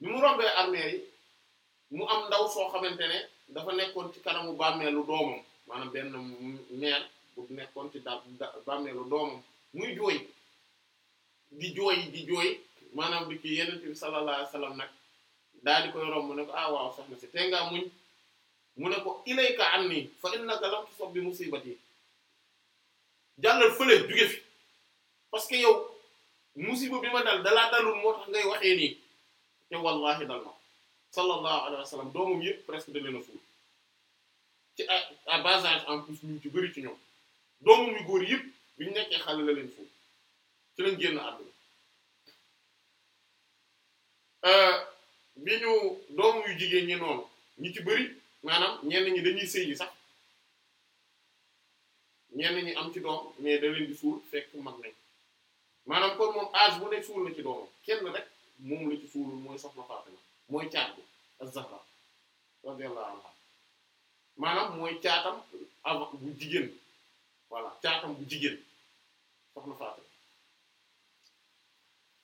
bi mu rombee armeel yi mu am ndaw soo xamante ne dafa nekkoon ci kanamu bàmmeelu doomam. maanaam benn mère bu nekkoon ci da bàmmeelu doomam muy jooy di jooy di jooy maanaam di ki yenent bi sallallahu alayhi wasallam nag daal di koy romb ne ko ah waaw soxna si tey ngaa muñ mu ne ko ilayka anni fa a lam tusab bi musibati jàllal fële juge fi parce que yow musiba bi ma dal dalaa dalul moo tax ngay waxee nii te wallahi dal na sallallahu alayhi wasallam doomam yëpp presque da leen a ci à bas en plus ñu ci bëri ci ñoom doomam yu góor yëpp bi ñu nekkee xale la leen foofu ci lañ génn àdduna euh, bi ñu doom yu jigéen ñi noonu ñi ci bëri maanaam ñenn ñi dañuy sëy yi sax ñenn ñi am ci doom mais da leen di suul fekk mag nañ maanaam kon moom âge bu ne suul na ci doomam kenn rek moom la ci suulul mooy soxna Fatima mooy caat bi az maanaam mooy caatam avant bu jigéen voilà caatam bu jigéen soxna Fatima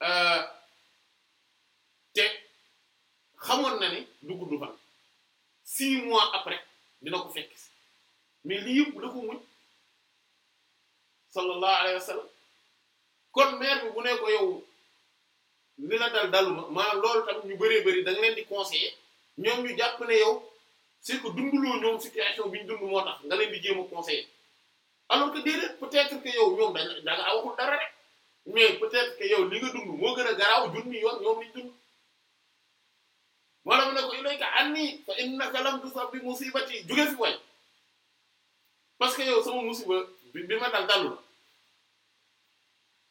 euh, te xamoon na ni du gudd fan six mois après dina ko fekk si mais lii yëpp da ko muñ sallallahu alayhi wa sallam kon bi bu ne ko yow li la dal daluma maanaam loolu tam ñu bëree bëri da leen di conseiller ñoom ñu jàpp ne yow c'est que dunduloo ñoom situation bi ñu dund moo tax nga leen di jéem a conseiller alors que déedéet peut-être que yow ñoom dañ da ngaa dara rek mais peut-être yow li nga dund moo gën a garaaw junni yoon ñoom liñ dund maanaam ne ko parce que yow sama musiba bi bi ma dal dalu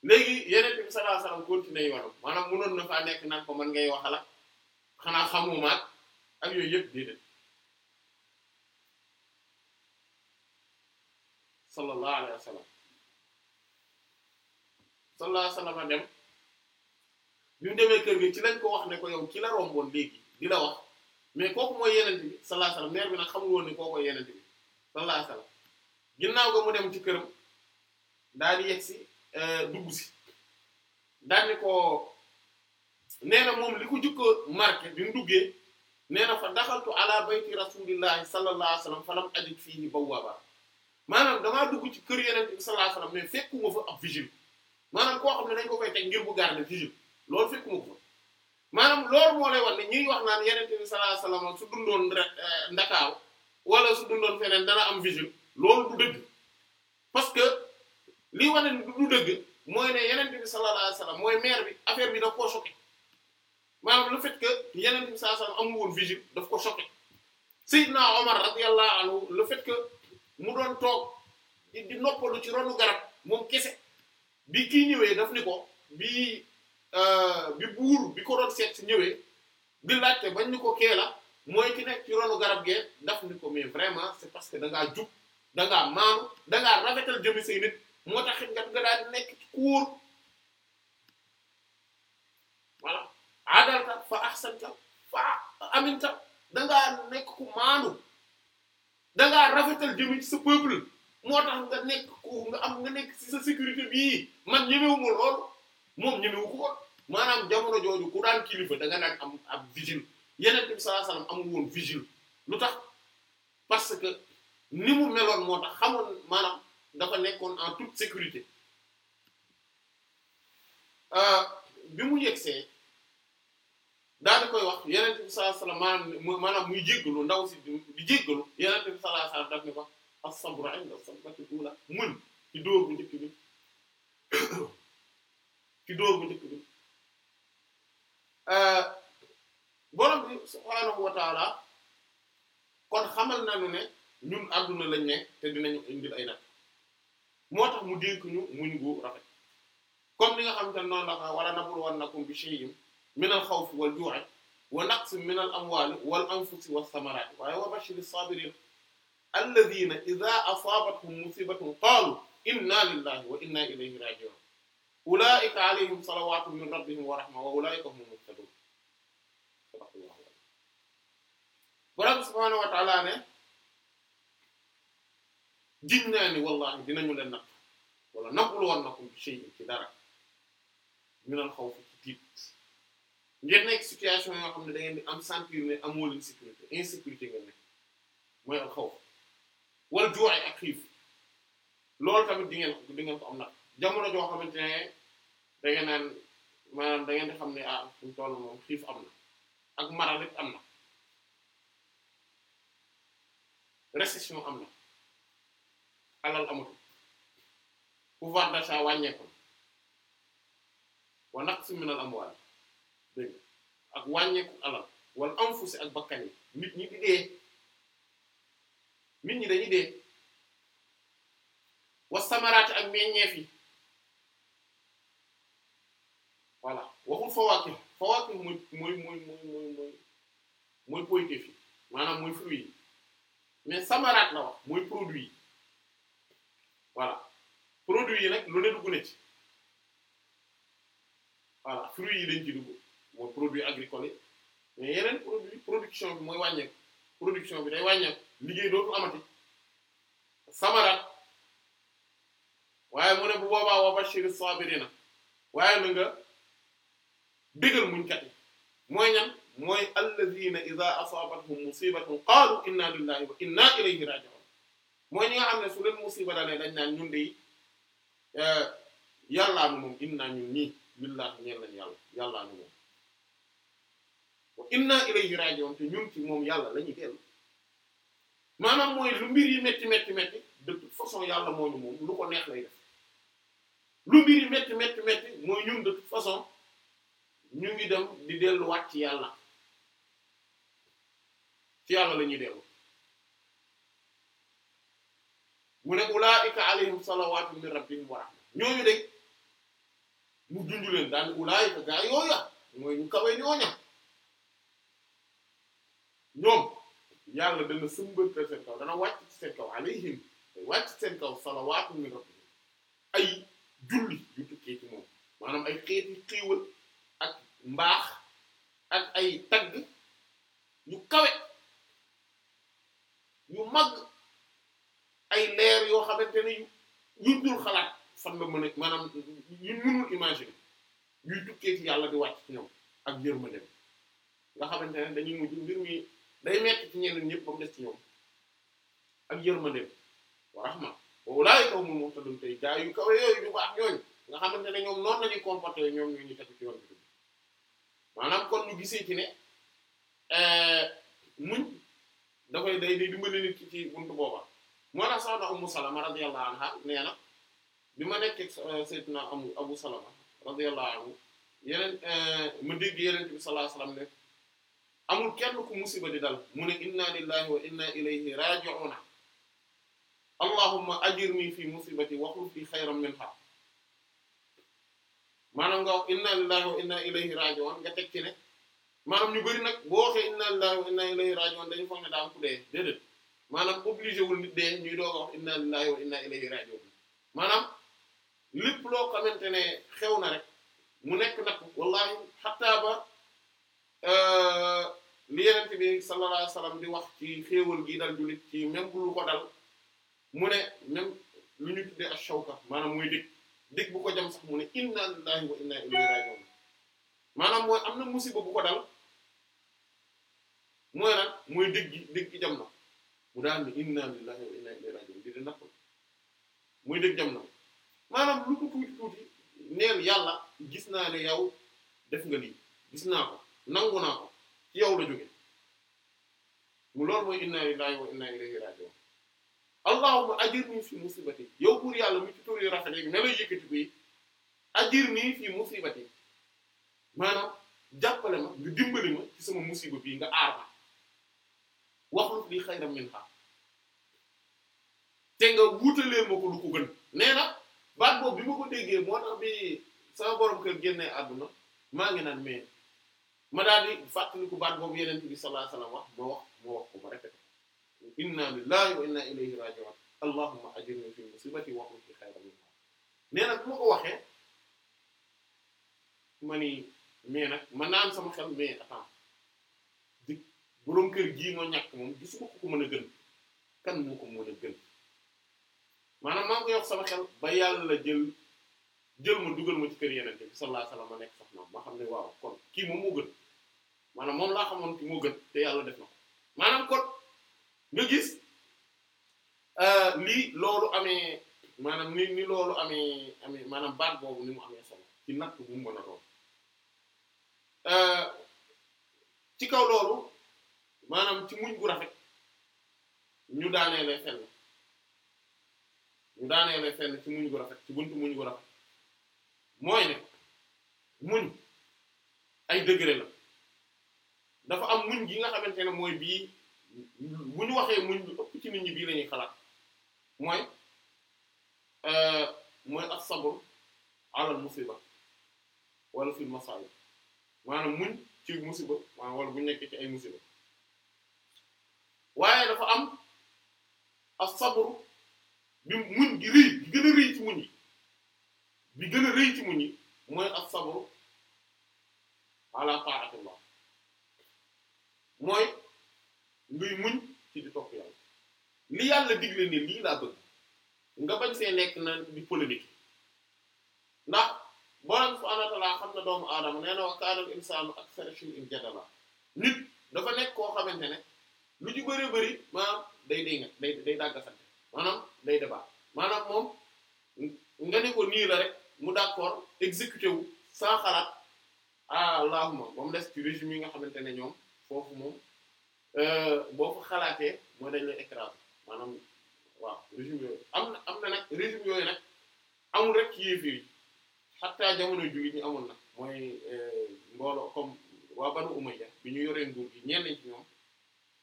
la léegi yeneen bi sallallahu alayhi wasallam na nekk naan ko mën ngay waxala xanaa xamumaat ak yooyu yëpp déedéet sallallahu alayhi wa sallam sallallahu alayhi dem bi mu demee kër gi ci lañ ko wax ne ko yow ki la romboon léegi di la wax mais kooku mooy yenente bi sallallahu alayhi wa sallam meer bi nag xamul woon ne kooku yenente bi sallallahu alayhi ginnaaw ga mu dem ci këram daal di yegg si euh, dugg si daal ni ko nee na moom li ko jukko marqué bi mu duggee nee na fa daxaltu ala bayti rasulillahi sallallahu alayhi wa sallam falam ajid fihi bawwaba maanaam damaa dugg ci kër yeneen bi sallallahu alayhi wasallam mais fekkuma fa ab vigile maanaam koo xam ne dañ ko koy teg ngir bu garder vigile loolu fekkuma ko maanaam loolu moo lay wax ne ñuy wax naan yeneen bi sallallahu alayhi wasallam su dundoon eh, ndakaaw wala su dundoon dana am vigile loolu du que li wane ne du dëgg mooy ne bi sallallahu mooy maire bi affaire bi daf koo choqué maanaam lu fekk yeneen bi sallallahu alayhi wasallam amul woon daf ko choqué Seydina Omar radiyallahu anhu le fait que mu doon toog di di noppalu ci ronu garab moom kese bi kii ñëwee daf ni ko bi euh, bi buur bi ko doon seet si ñëwee bi laajte bañ ni ko kee la mooy ki nekk ci ronu garab gee daf ni ko mais vraiment c'est parce que da ngaa jub da ngaa maanu da ngaa rafetal say nit moo tax nga nga daal di nekk ci kuur voilà aadalta fa ahsanta fa aminta da nekk ku maanu da ngaa rafetal jëmi sa peuple moo tax nga nekk ku am nga nekk ci sa sécurité bii man ñemewu ma loolu moom ñemewu ko maanaam jamono jooju ku daan kilifa da nga naan am ab vigile yeneen bi sallallahu alayhi wasallam woon vigile lu tax parce que nimu mu meloon moo tax xamoon maanaam dafa nekkoon en tout sécurité euh, bi mu yegsee daal di koy wax yenente bi sallallahu alayhi wasallam maanaam muy jéggalu ndaw si di jéggalu yenente bi sallallahu alayhi wasallam daf ne ko as-sabru 'inda as-sabrati ci dóor bu njëkk bi ci dóor bu njëkk bi euh, borom bi subhaanahu wa kon xamal nañu ne ñun àdduna lañ ne te dinañu indil ay nag moo tax mu dénk ñu muñ gu rafet comme li nga xam te noonu la wala nabul wannakum bi shay'in min al xawfi wal juu'i wa naqsin min al amwaali wal anfusi was samaraati waaye wa bashiri saabiriin alladhiina idhaa asaabathum musiibatun qaalu inna lillahi wa inna ilayhi raaji'uun ulaa'ika alayhim salawaatun min rabbihim wa rahma wa ulaa'ika humul muhtaduun Boroom subhaanahu wa ta'aala ne jiñ naa ni wallahi dinañu leen natt wala naqulu woon na ko ci dara minal xawfi ngeen nekk situation yoo xam ne dangeen ngeen di am sentir ne amoo leen sécurité insécurité ngeen nekk mooy al xaw juwaay ak xiif loolu tamit di ngeen ko di ngeen ko am nag jamono joo xamante ne da ngeen naan maanaam da di xam ne ah fu mu toll moom xiif am na ak maral it am na récession am na alal amatul pouvoir d'achat wàññeeku wa naqs min al amwal dégg ak wàññeeku alal wala anfusi ak bakkan yi nit ñi di dee nit ñi dañuy dee wa samaraati ak meññeef yi voilà waxul fawaakih fawaakih mooy mooy mooy mooy mooy mooy mooy poyteef yi maanaam mooy fruit yi mais samaraat la wax mooy produit yi voilà produit yi nag lu ne dugg na fruit yi dañ ci dugg mooy produit agricole yi mais yeneen produit production bi mooy wàññeeku production bi day wàññeeku liggéey dootu amati samaraat waaye mu ne bu boobaa wa bashiri sabirina waaye na nga bégal muñkat yi mooy ñan mooy alladhina idha asabathum musibatun qalu inna lillahi wa inna ilayhi raji'un mooy ñi nga xam ne su leen musiba dalee dañ naan ñun de eh, yàllaa nu moom inna ñun nii billahi ñeen lañ yàlla yàllaa nu moom wa inna ilayhi raji'un te ñun ci moom yàlla la ñuy dellu maanaam mooy lu mbir yi métti métti métti de façon yàlla moo ñu moom lu ko neex lay def lu mbir yi métti métti mooy ñun de toute façon ñu ngi dem di delluwaat ci yàlla ci yàlla la ñuy dellu mu ne ulaa'ika alayhim salawaatu min rabbihim wa rahma ñooñu de mu junj leen daan ulaa'ika gaa yooya mooy ñu kawe ñooña ñoom yàlla dana sëmbatal seen kaw dana wàcc ci seen kaw alayhim day wàcc seen kaw salawaatu ay julli yu tukkee ci moom maanaam ay xeeti xéewal ak mbaax ak ay tagg yu kawe yu mag ay leer yoo xamante ne yu dul xalaat fan la mën a maanaam yu mënul imaginer yuy tukkee ci yàlla di wàcc ci ñoom ak yërmande nga xamante ne dañuy mujj mbir mi day metti ci ñeneen ñëpp ba mu des ci ñoom ak yërmande wa rahma wa ulaa'ika humul muhtadun tey gaa yu kawe yooyu ñu baax ñooñu nga xamante ne ñoom noonu lañuy comporté ñoom ñoo ñu tegu ci yoon bi maanaam kon ñu gisee ci ne eh, muñ dafay day day dimbali nit ki ci buntu booba moo tax soxna Ummu Salama radiyallahu anha nee na bi ma nekkee eh, sayyidina Abu Salama radiyallahu anhu yeneen eh, ma dégg yeneen bi sallallahu alayhi ne amul kenn ku musiba di dal mu ne inna lillahi wa inna ilayhi raji'una allahumma ajirni fi musibati wa xluf li xayran minha maanaam nga wax inna lillahi wa inna ilayhi raji'un nga teg ci ne maanaam ñu bëri nag boo waxee inna lillahi wa inna dañu foog ne daa am ku dee déedéet maanaam obligé wul nit dee ñuy doog a wax inna lillahi wa inna ilayhi raji'un maanaam lépp loo xamante ne xew na rek mu nekk nag wallahi xataa ba li euh, yenente bi sallallahu alayhi wasallam di wax ci xéewal gi dal jullit ci même bu lu ko dal mu ne même lu ñu tuddee ak shawka maanaam muy dig dig bu ko jam sax mu ne inna lillahi wa inna ilayhi raji'un maanaam am na musiba ko dal mooy nag mooy dig gi dig gi mu daal ni inna lillahi wa inna ilayhi raji'un di di napp muy dig jam na maanaam lu ko tuuti tuuti neel yàlla gis naa ne yow def nga lii gis naa ko nangu naa ko yow la jóge mu loolu mooy inna lillahi wa inna ilayhi raji'un allahumma ajirni fi musibati yow buur yàlla mi ci tur yu rafet yi ne lay yëkkati bi ajirni fi musibati maanaam jàppale ma nga dimbali ma ci sama musiba bii nga aar ma waxluf li xayran minha te nga wuutaleel ma ko lu ko gën nee na baat boobu bi ma ko déggee moo tax bi sama borom kër génnee àdduna maa ngi naan mais ma daal di fàttaliku baat boobu yeneen bi sallallahu wax ma wax wax ko ma répété inna lillahi wa inna ilayhi raji'un allahumma ajirni fi musibati wa qini khayran nee nag bu ko waxee ma ni mais nag ma naan sama xel mais attends di boroom kër gii moo ñàkk moom gisuma ko ko mën a gën kan moo ko mën a gën maanaam maa ngi koy sama xel ba yàlla jël jël ma dugal ma ci kër yeneen bi sallallahu alayhi wasallam ma nekk soxna ma xam ne waaw kon kii moom moo gën maanaam moom laa xamoon ki moo gën te yàlla def na ko maanaam kon nga gis lii euh, loolu amee maanaam ni ni loolu amee amee maanaam baat boobu ni mu amee solo ci natt bu mu mën a doon euh, ci kaw loolu maanaam ci muñ gu rafet ñu daanee lay fenn ñu daanee lay fenn ci muñ gu rafet ci buntu muñ gu rafet mooy ne muñ ay degré la dafa am muñ gi nga xamante ne mooy bii bu ñu waxee muñ lu ëpp ci nit ñi lañuy xalaat mooy euh, mooy as-sabr ala musiba wala fil masaa'ib maanaam muñ ci musiba maanaam wala bu nekk ci ay musiba waaye dafa am as-sabr bi muñ gi rëy gi gën a ci muñ bi gën a rëy ci muñ yi mooy as-sabru ala ta'atillah mooy ngay muñ ci di topp yàlla li yàlla digle ne lii laa bëgg nga bañ see nekk naan di polémique ndax borom fu wa ta'aala xam na doomu aadama nee na wa kaana al-insaanu akthara shay'in jadala nit dafa nekk koo xamante ne lu ci bëree bëri maanaam day day nga day day maanaam day débat maanaam moom nga ne ko nii la rek mu d'accord exécuté wu sans xalaat a allahuma ba mu des régime yi nga xamante ne ñoom foofu moom euh, boo ko xalaatee mooy dañ lay écraser maanaam am na am na yooyu nag amul rek ci yéefar yi xataa amoon na mooy euh, mbooloo comme waa Banu Umayya bi ñu yoree nguur gi ñenn ci ñoom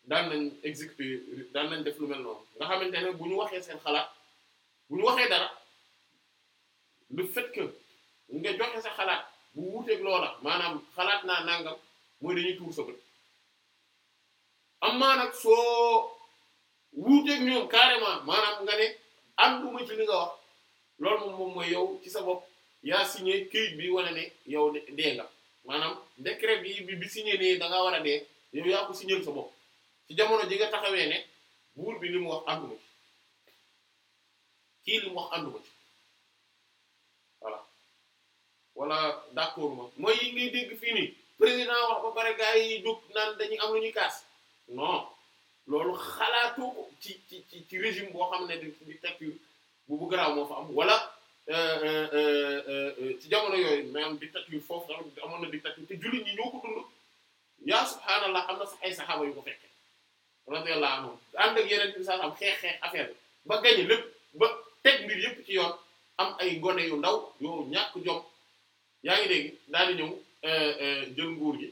daan nañ exécuter daan nañ def lu mel noonu nga xamante ne bu ñu waxee seen xalaat bu ñu waxee dara. le fait que nga joxe sa xalaat bu wuuteeg loola maanaam xalaat naa nangam mooy dañuy tuur sa am maa nag soo wuuteeg ñoom carrément maanaam nga ne ànduma ci li nga wax loolu moom mooy yow ci sa bopp yaa signé këyit bi wana ne yow dee nga maanaam décret bi bi bi signé ne da ngaa war a dee yow yaa ko signé sa bopp ci jamono ji nga taxawee ne buur bi li mu wax ànduma ci kii li mu wax ànduma ci wala d'accord ma mooy yi ngay dégg fii nii président wax ba pare gars yi jóg naan dañuy am lu kaas non loolu xalaatu ci ci ci régime boo xam ne dictature bu bu garaaw moo fa am wala euh, euh, euh, ci jamono yooyu maanaam dictature foofu tamit amoon na dictature te jullit ñi ñoo ko yaa subhaanallah am na sax ay saxaaba yu ko fekke radiyallahu anhu yeneen sax am xeex affaire ba gañe lépp ba teg mbir yépp ci yoon am ay gone yu ndaw yoo ñàkk jom yaa ngi dégg daal di ñëw euh, euh, jël nguur gi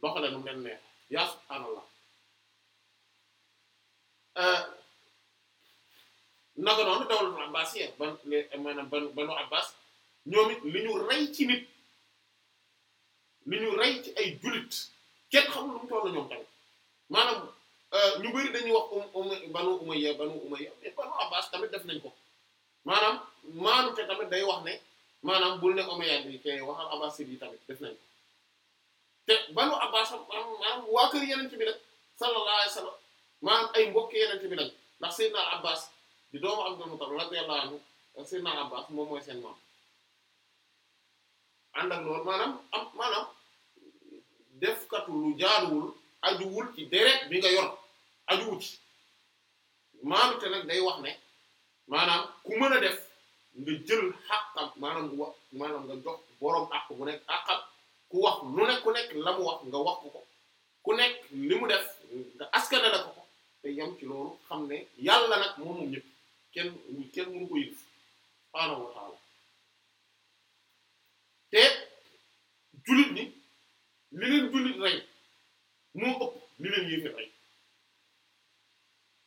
doxale nu mel ne yaa subhaanallah euh, naka noonu dawlatul abbasiyya ban maanaam ban banu abbas ñoom it li ñu rey ci nit li ñu rey ci ay jullit kenn xamul lu mu ñoom tamit maanaam ñu bari dañu wax um, um banu umayya banu umayya mais banu abbas tamit def nañ ko maanaam maanu te tamit day wax ne maanaam bul ne Omeyyades yi te waxal Abbasides yi tamit def nañ ko te banu Abbas maanaam waa kër Yonent bi nag sallallahu alayhi wa ay mbokk Yonent bi nag ndax Seydina Abbas di doomu Abdul Muttalib radiyallahu anhu mooy seen maam ànd am maanaam defkatu lu jaaduwul ajuwul ci deret bi nga yor ajuwul maanute nag day wax ne maanaam ku mën a def. nga jël xàqam maanaam nga wax maanaam nga jox boroom àq bu nekk àqam ku wax lu ne ku nekk la mu wax nga wax ko ku nekk li mu def nga askane la ko ko te yam ci loolu xam ne yàlla nag moom moom ñëpp kenn kenn mënu ko yëg subhaanahu wa taala te jullit ni li leen jullit rey moo ëpp li leen yéefe rey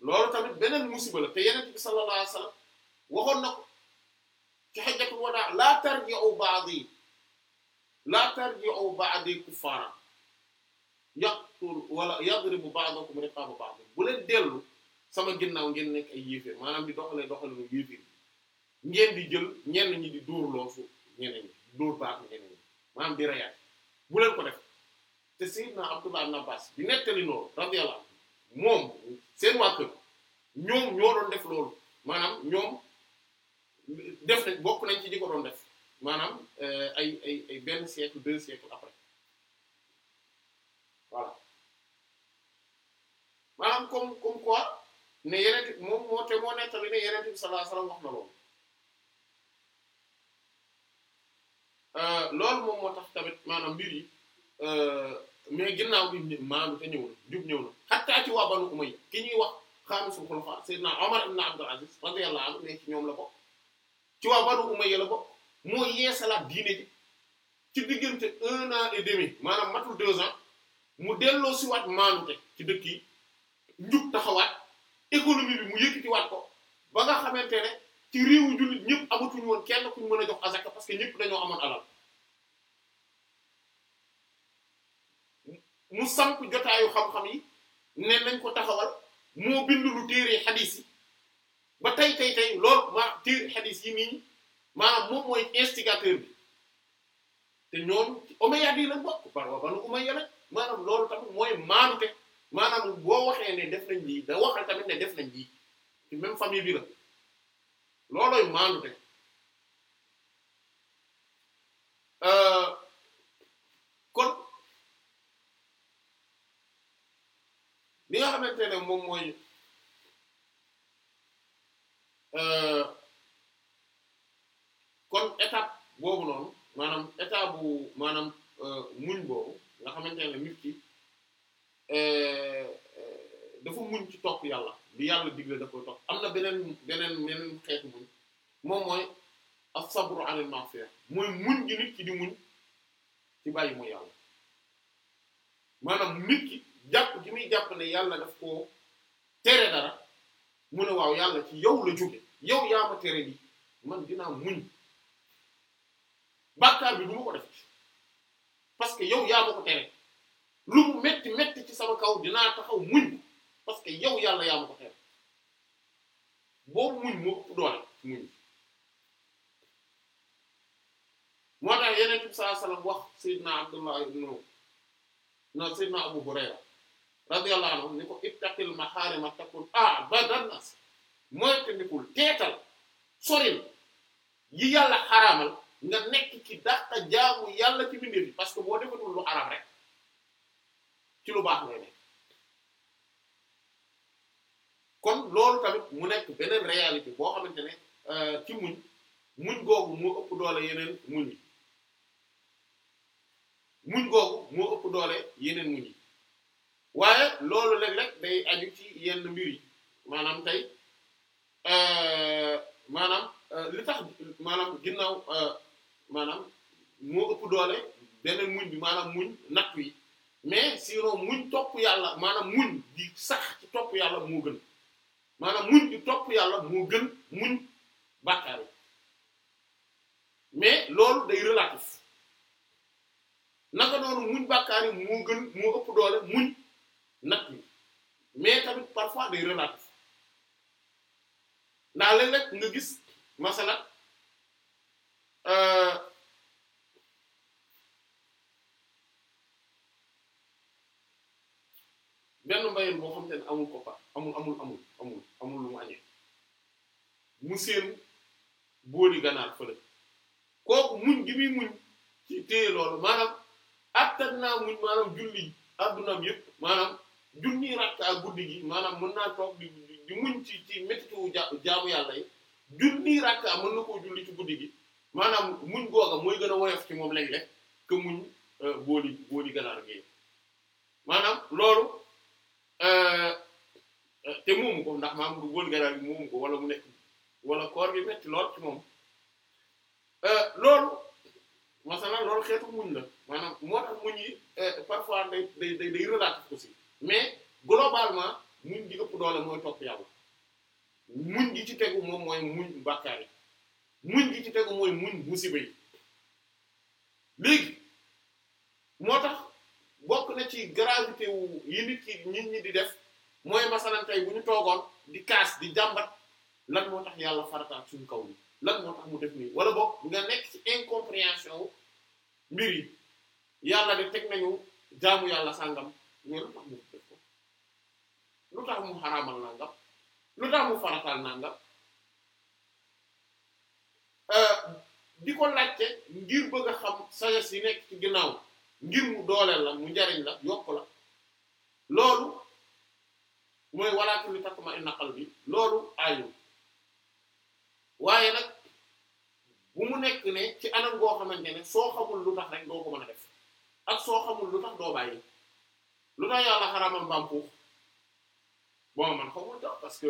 loolu tamit beneen musiba la te yeneen bi sallallahu alayhi waxoon na ko ci hajjatul wadaa laa tarji'u ba'dii laa tarji'u ba'dii kuffaaran yaqtul wala yadribu ba'dukum riqaaba ba'd bu leen dellu sama ginnaaw ngeen nekk ay yéeféer maanaam di doxalee doxale nu yéeféer ngeen di jël ñenn ñi di dóor loosu ñeneen ñi dóor baax ñeneen ñi maanaam di reyaat bu leen ko def te sayyidna Abdullah ibn Abbas di nettali noonu radiyallahu moom seen waa ñoom ñoo doon def loolu maanaam ñoom def nañ bokk nañ ci di ko doon def maanaam eh, ay ay ay benn siècle deux siècles après voilà maanaam comme comme quoi ne yeneen moom moo te moo nettali ne yeneen bi sallallahu alayhi wasallam na loolu eh, loolu moom moo tax tamit maanaam mbir yi eh, mais ginnaaw bi maanu te ñëw na jub ñëw na xattaa ci waa Banu Umayya ki ñuy wax xaamisul xulafaa Seydina Omar ibn Abdul Aziz radiyallahu anhu ne ci ñoom la ko ci waa Banu Umayya la bokk moo yeesalaat diine ji ci diggante un an et demi maanaam matul deux ans mu delloo si waat maanute ci dëkk yi njub taxawaat économie bi mu yëkkatiwaat ko ba nga xamante ne ci réewu jullit ñëpp amatuñu woon kenn kuñ mën a jox azaka parce que ñëpp dañoo amoon alal mu samp jotaayu xam-xam yi ne nañ ko taxawal moo bind lu téere xadiis yi ba tey tey tey loolu maa tiir xadis yi nii maanaam moom mooy instigateur bi te ñoom Omeyyades yi lañ bokk par wa banu Umayya lañ maanaam loolu tamit mooy maanute maanaam boo waxee ne def nañ lii da waxal tamit ne def nañ lii ci même famille bi la loolooy maanute euh, kon li nga xamante ne moom mooy Euh, kon étape boobu noonu maanaam état bu maanaam euh, muñ boobu nga xamante ne nit ki euh, dafa muñ ci topp yàlla bi yàlla digle da koy topp am na beneen beneen beneen xeet muñ moom mooy as-sabru alal ma'siya mooy muñ gi nit di muñ ci bàyyi mooy yàlla maanaam nit ki jàpp gi muy jàpp ne yàlla daf koo tere dara mu ne waaw yàlla ci yow la jóge yow yaa tere bi man dinaa muñ bàkkaar bi du ma ko def parce que yow yaa ma ko tere lu mu metti metti ci sama kaw dinaa taxaw muñ parce que yow yàlla yaa ma ko tere boobu muñ moo ëpp muñ moo tax yeneen bi wax Seydina Abdullah ibn na Seydina Abu Hurayra radiyallahu anhu ni ko ittaqil maharima takun a'badan moytandikul teetal soril yi yàlla xaraamal nga nekk ci dàqa jaamu yàlla ci mbindeef yi parce que boo defatul lu xaraam rek ci lu baax ngay nekk kon loolu tamit mu nekk beneen réalité boo xamante ne euh, ci muñ muñ googu moo ëpp doole yeneen muñ yi muñ googu moo ëpp doole yeneen muñ yi waaye loolu léeg-léeg day aju ci yenn mbir yi maanaam tey Euh, maanaam euh, li tax maanaam ginnaaw euh, maanaam moo ëpp doole beneen muñ bi maanaam muñ natt wi mais sinon muñ topp yàlla maanaam muñ di sax ci topp yàlla moo gën maanaam muñ di topp yàlla moo gën muñ bàkkaar mais loolu day relatif naka noonu muñ bàkkaar yi moo gën moo ëpp doole muñ natt yi mais tamit parfois day relatif ndax léeg-léeg nga gis masala euh, benn mbayeen boo xam te ne amul koppa amul amul amul amul amul lu mu mu seen boori ganaar fële kooku muñ gi muy muñ ci téye loolu maanaam attan naa muñ maanaam julli addunaam yëpp maanaam junni rakka guddi gi maanaam mën naa toog di di muñ ci ci méttitu jaamu yàlla yi julli rakka mën na koo julli ci guddi gi maanaam muñ googa mooy gën a woyof ci moom léeg-léeg que muñ euh, booli booli ganaar gi maanaam loolu euh, euh, te moomu ko ndax maam du booli ganaar gi moomu ko wala mu nekk wala koor yi metti lool ci moom loolu masalan loolu xeetu muñ la maanaam moo tax muñ yi parfois day day day relatif aussi mais globalement muñ gi ëpp doole mooy topp yàlla muñ gi ci tegu moom mooy muñ bàkkaar yi muñ gi ci tegu mooy muñ musiba yi léegi moo tax bokk na ci gravité yi nit ki ñi di def mooy masalan tey bu ñu toogoon di kaas di jàmbat lan moo tax yàlla farataal suñ kaw ni lan moo tax mu def nii wala boog nga nekk ci incompréhension mbir yi yàlla de teg nañu jaamu yàlla sàngam loolu tax mu lu tax mu xaraamal nangam lu tax mu farataal nangam euh, di ko laajte ngir bëgg a xam sagesse yi nekk ci ginnaaw ngir mu dooleel la mu njariñ la yokk la loolu mooy walaakin li tatma'inna bi loolu aayul waaye nag bu mu nekk ne ci anam goo xamante ne soo xamul lu tax rek doo ko mën a def ak soo xamul lu tax doo bàyyi lu tax yàlla xaraamal mbaam foofu bon man xaw ma tax parce que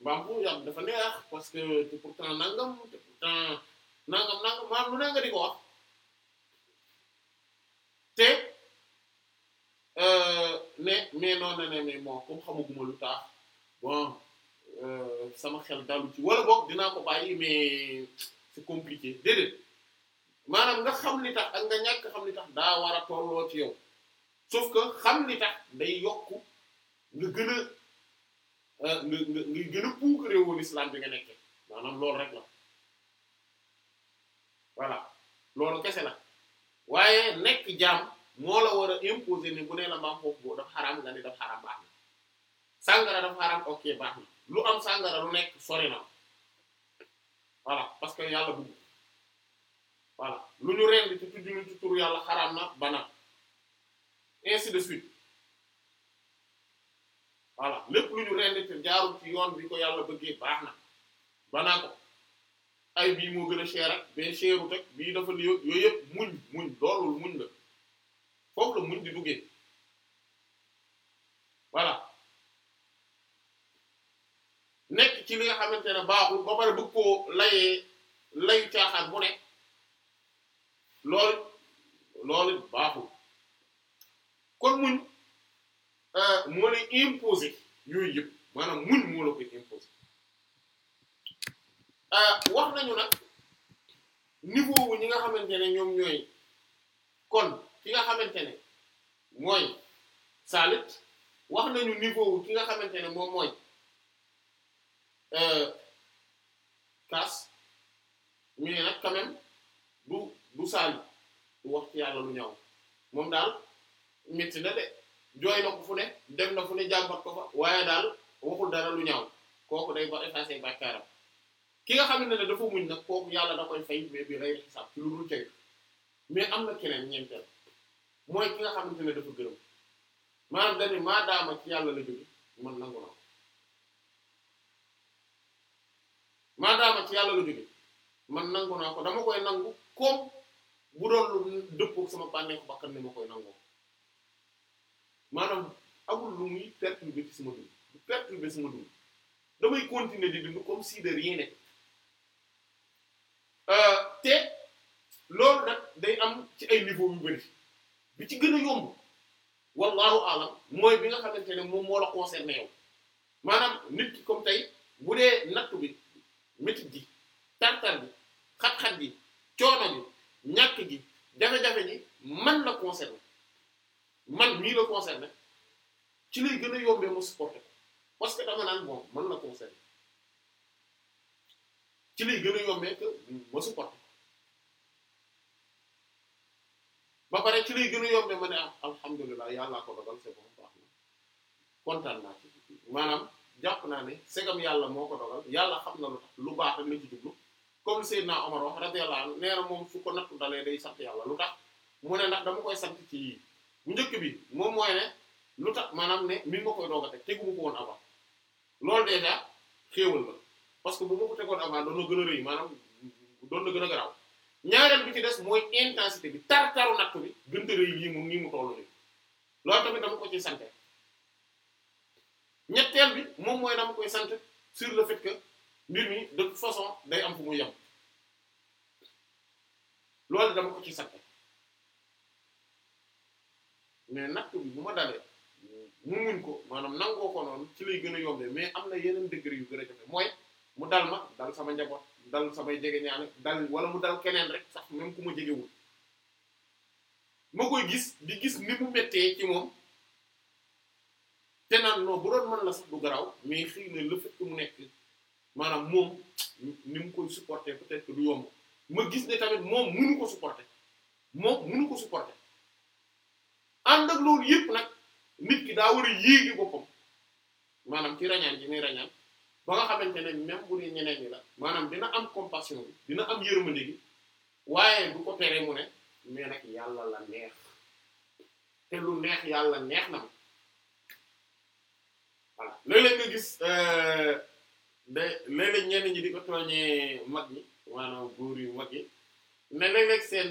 mbaam bu yàgg dafa neex parce que te pourtant nangam te pourtant nangam nangam maam lu ne nga di ko wax te euh, ne mais non ne ne moo comme xamaguma lu tax bon euh, sama xel dalu ci wala boog dinaa ko bàyyi mais c'est compliqué déedéet maanaam nga xam li tax ak nga ñàkk xam li tax daa war a tolloo ci yow sauf que xam li tax day yokk nga gën nga nga a puukaree woon islam bi nga nekkee maanaam loolu rek la voilà loolu kese na waaye nekk jaam moo la war a imposer ne bu nee la maam foofu boo daf xaraam nga ne daf xaraam baax na sàngara daf xaraam ok baax na lu am sàngara lu nekk sori na voilà parce que yàlla bëgg voilà lu ñu rend ci tudd ñu yàlla xaraam na bana ainsi de suite voilà lépp lu ñu rendi te jaarul ci yoon bi ko yàlla bëggee baax na banaa ko ay bii moo gën a seer ak bee cherut ak bii dafa li yooyu yëpp muñ muñ loolul muñ la foofu la muñ di duggee voilà nekk ci li nga xamante ne baaxul ba pare bëgg koo layee layu caaxaan bu nekk loolu loolu baaxul kon muñ Ah, moo lay imposer yooyu yëpp maanaam muñ moo la koy imposer ah, wax nañu nag niveau wu ñi nga xamante ne ñoom ñooy kon ki nga xamante ne mooy saalit wax nañu niveau wu ki nga xamante ne moom mooy euh, kaas ñu ne nag quand même du du saalit du wax ci yàlla lu ñaaw moom daal métti na de jooy na ko fu ne dem na fu ne jàmbat ko fa waaye daal waxul dara lu ñaaw kooku day ba effacer bàkkaaram ki nga xam ne dafa muñ na kooku yàlla da koy fay mais bi rey xisaab ci lu dul mais am na keneen ñeenteel mooy ki nga xamante ne dafa gërëm maanaam dañu maa daama ci yàlla la jóge man nangu na ko maa daama ci yàlla la jóge man nangu naa ko dama koy nangu comme bu doon lu dëppoo sama bànneeku bakkan ni ma koy nangoo maanaam amul lu muy perturber ci sama dund du perturber sama dund damay continuer di dund comme si de rien n'était euh, te loolu da day am ci ay niveau yu bari bi ci gën a yomb wallahu alam mooy bi nga xamante ne moom moo la concerné yow maanaam nit ki comme tey bu dee nattu bi métit gi tartar bi xat-xat gi coono bi ñàkk gi jafe-jafe gi man la concerné man mii la concerné ci lay gën a yombee parce que dama naan bon man la concerné ci lay gën a yombee que ma supporté ba pare ci lay gën a yombee ma ne ah alhamdulilah yàllaa ko dogal c'est baax na kontaan naa ci maanaam jàpp naa ne segam yàlla moo ko dogal yàlla xam na lu tax lu baax rek la ci jublu comme naa Omar wax radiyallahu anhu nee moom su ko nattu dalee day sant yàlla lu tax mu ne ndax dama koy sant ci bu njëkk bi moom mooy ne lu tax maanaam ne mi ma koy doog a teg ko woon avant loolu déjà xéewal la parce que bu ma ko tegoon avant doon na gën a rëy maanaam doon na gën a garaaw ñaareel bi ci des mooy intensité bi tar taru natt bi gënta rëy lii moom nii mu tollu nii loolu tamit dama ko ci sante ñetteel bi moom mooy dama koy sant sur le fait que mbir mi de toute façon day am fu muy yem loolu dama ko ci sante mais natt bi bu ma dalee mu muñ ko maanaam nangoo ko noonu ci lay gën a yombee mais am na yeneen degré yu gën a jafe mooy mu dal ma dal sama njaboot dal samay jege ñaane dal wala mu dal keneen rek sax même ku ma jegewul ma koy gis di gis ni mu méttee ci moom te bu doon mën la sax mu nekk maanaam moom ni mu koy supporter peut-être du yomb ma gis ne tamit moom mënu ko supporter moom mënu ko supporter ànd loolu yëpp nag nit ki daa war a yéegi boppam maanaam ci rañaan ji muy rañaan ba nga xamante ne même bu dee ñeneen ñi la maanaam dina am compassion bi dina am yërmande gi waaye bu ko teree mu ne mais nag yàlla la neex te lu neex yàlla neex na ma voilà léeg gis euh, da léeg-léeg ñenn ñi di ko tooñee mag ñi maanaam góor yu mag yi mais léeg-léeg seen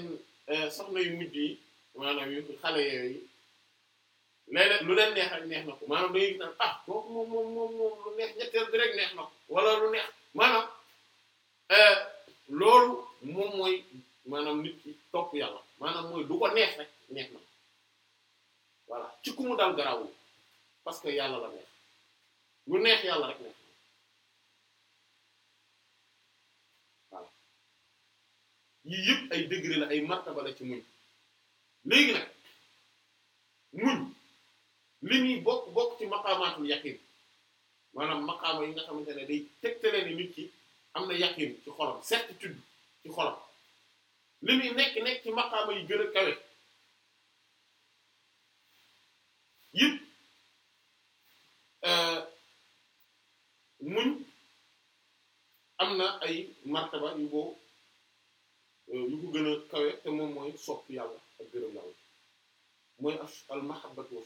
euh, soxna yu mujj yi maanaam yu xale yooyu léeg-léeg lu leen neex ak neex na ko maanaam dañuy gis naan ah kooku moom moom moom moom lu neex ñetteel bi rek neex na ko wala lu neex maanaam euh, loolu moom mooy maanaam nit ki topp yàlla maanaam mooy du ko neex rek neex na voilà ci ku mu dal garawul parce que yàlla la neex lu neex yàlla rek neex na voilà yii yëpp ay degré la ay martaba la ci muñ léegi nag muñ li muy bokk bokk ci maqaamaatul yaqin maanaam maqaama yi nga xamante ne day tegtale ni nit ki am na yaqin ci xolam certitude ci xolam li muy nekk nekk ci maqaama yi gën a kawe yëpp euh, muñ am na ay martaba yu boo euh, yu ko gën a kawe te moom mooy sopp yàlla ak gërëm yàlla mooy al mahabbatu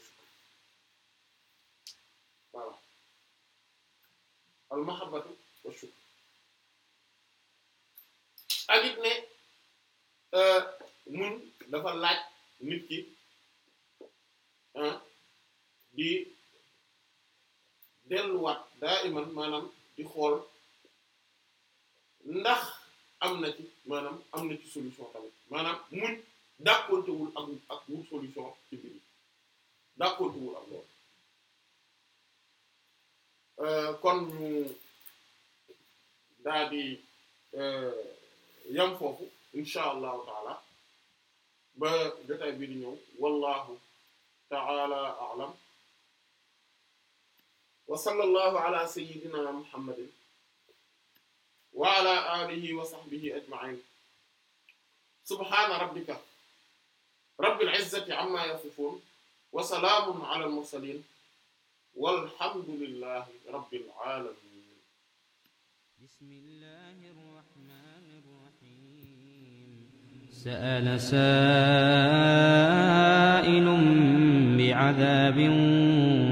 voilà al mahabbatu wa shukr ne muñ euh, dafa laaj nit ki ah, di delluwaat daa iman maanaam di xool ndax am na ci maanaam am na ci solution tamit maanaam muñ dàqontewul ak ak wut solution ci biir dàqontewul ak loolu Euh, kon ñu daa di euh, yam foofu incha allahu taala ba jotaay bi di ñëw wallahu taala alam wa sallallahu ala sayyidina muhammadin wa ala alihi wa sahbihi ajma'in subhana rabbika rabbil izzati amma yasifun wa salamun ala al mursalin walhamdulillahi rabbil alamin bismillahir rahmanir rahim sa'ala sa'ilun bi'adabin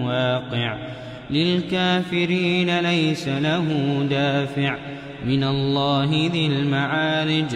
waqi' للكافرين ليس له دافع من الله ذي المعارج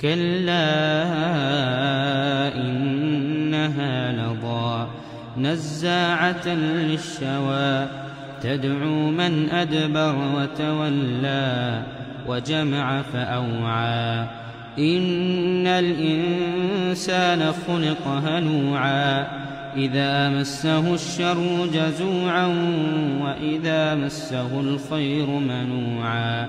كلا إنها لضا نزاعة للشوى تدعو من أدبر وتولى وجمع فأوعى إن الإنسان خلق هلوعا إذا مسه الشر جزوعا وإذا مسه الخير منوعا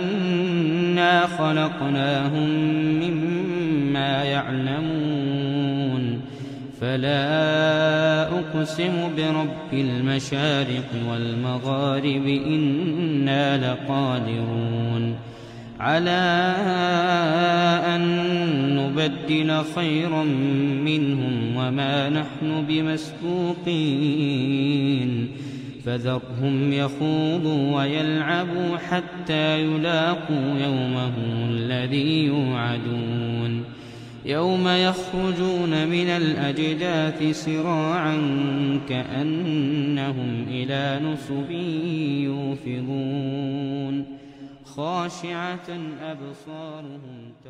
إِنَّا خَلَقْنَاهُمْ مِمَّا يَعْلَمُونَ فَلَا أُقْسِمُ بِرَبِّ الْمَشَارِقِ وَالْمَغَارِبِ إِنَّا لَقَادِرُونَ على أن نبدل خيرا منهم وما نحن بمسبوقين فذرهم يخوضوا ويلعبوا حتى يلاقوا يومهم الذي يوعدون يوم يخرجون من الأجداث سراعا كأنهم إلى نصب يوفضون خاشعة أبصارهم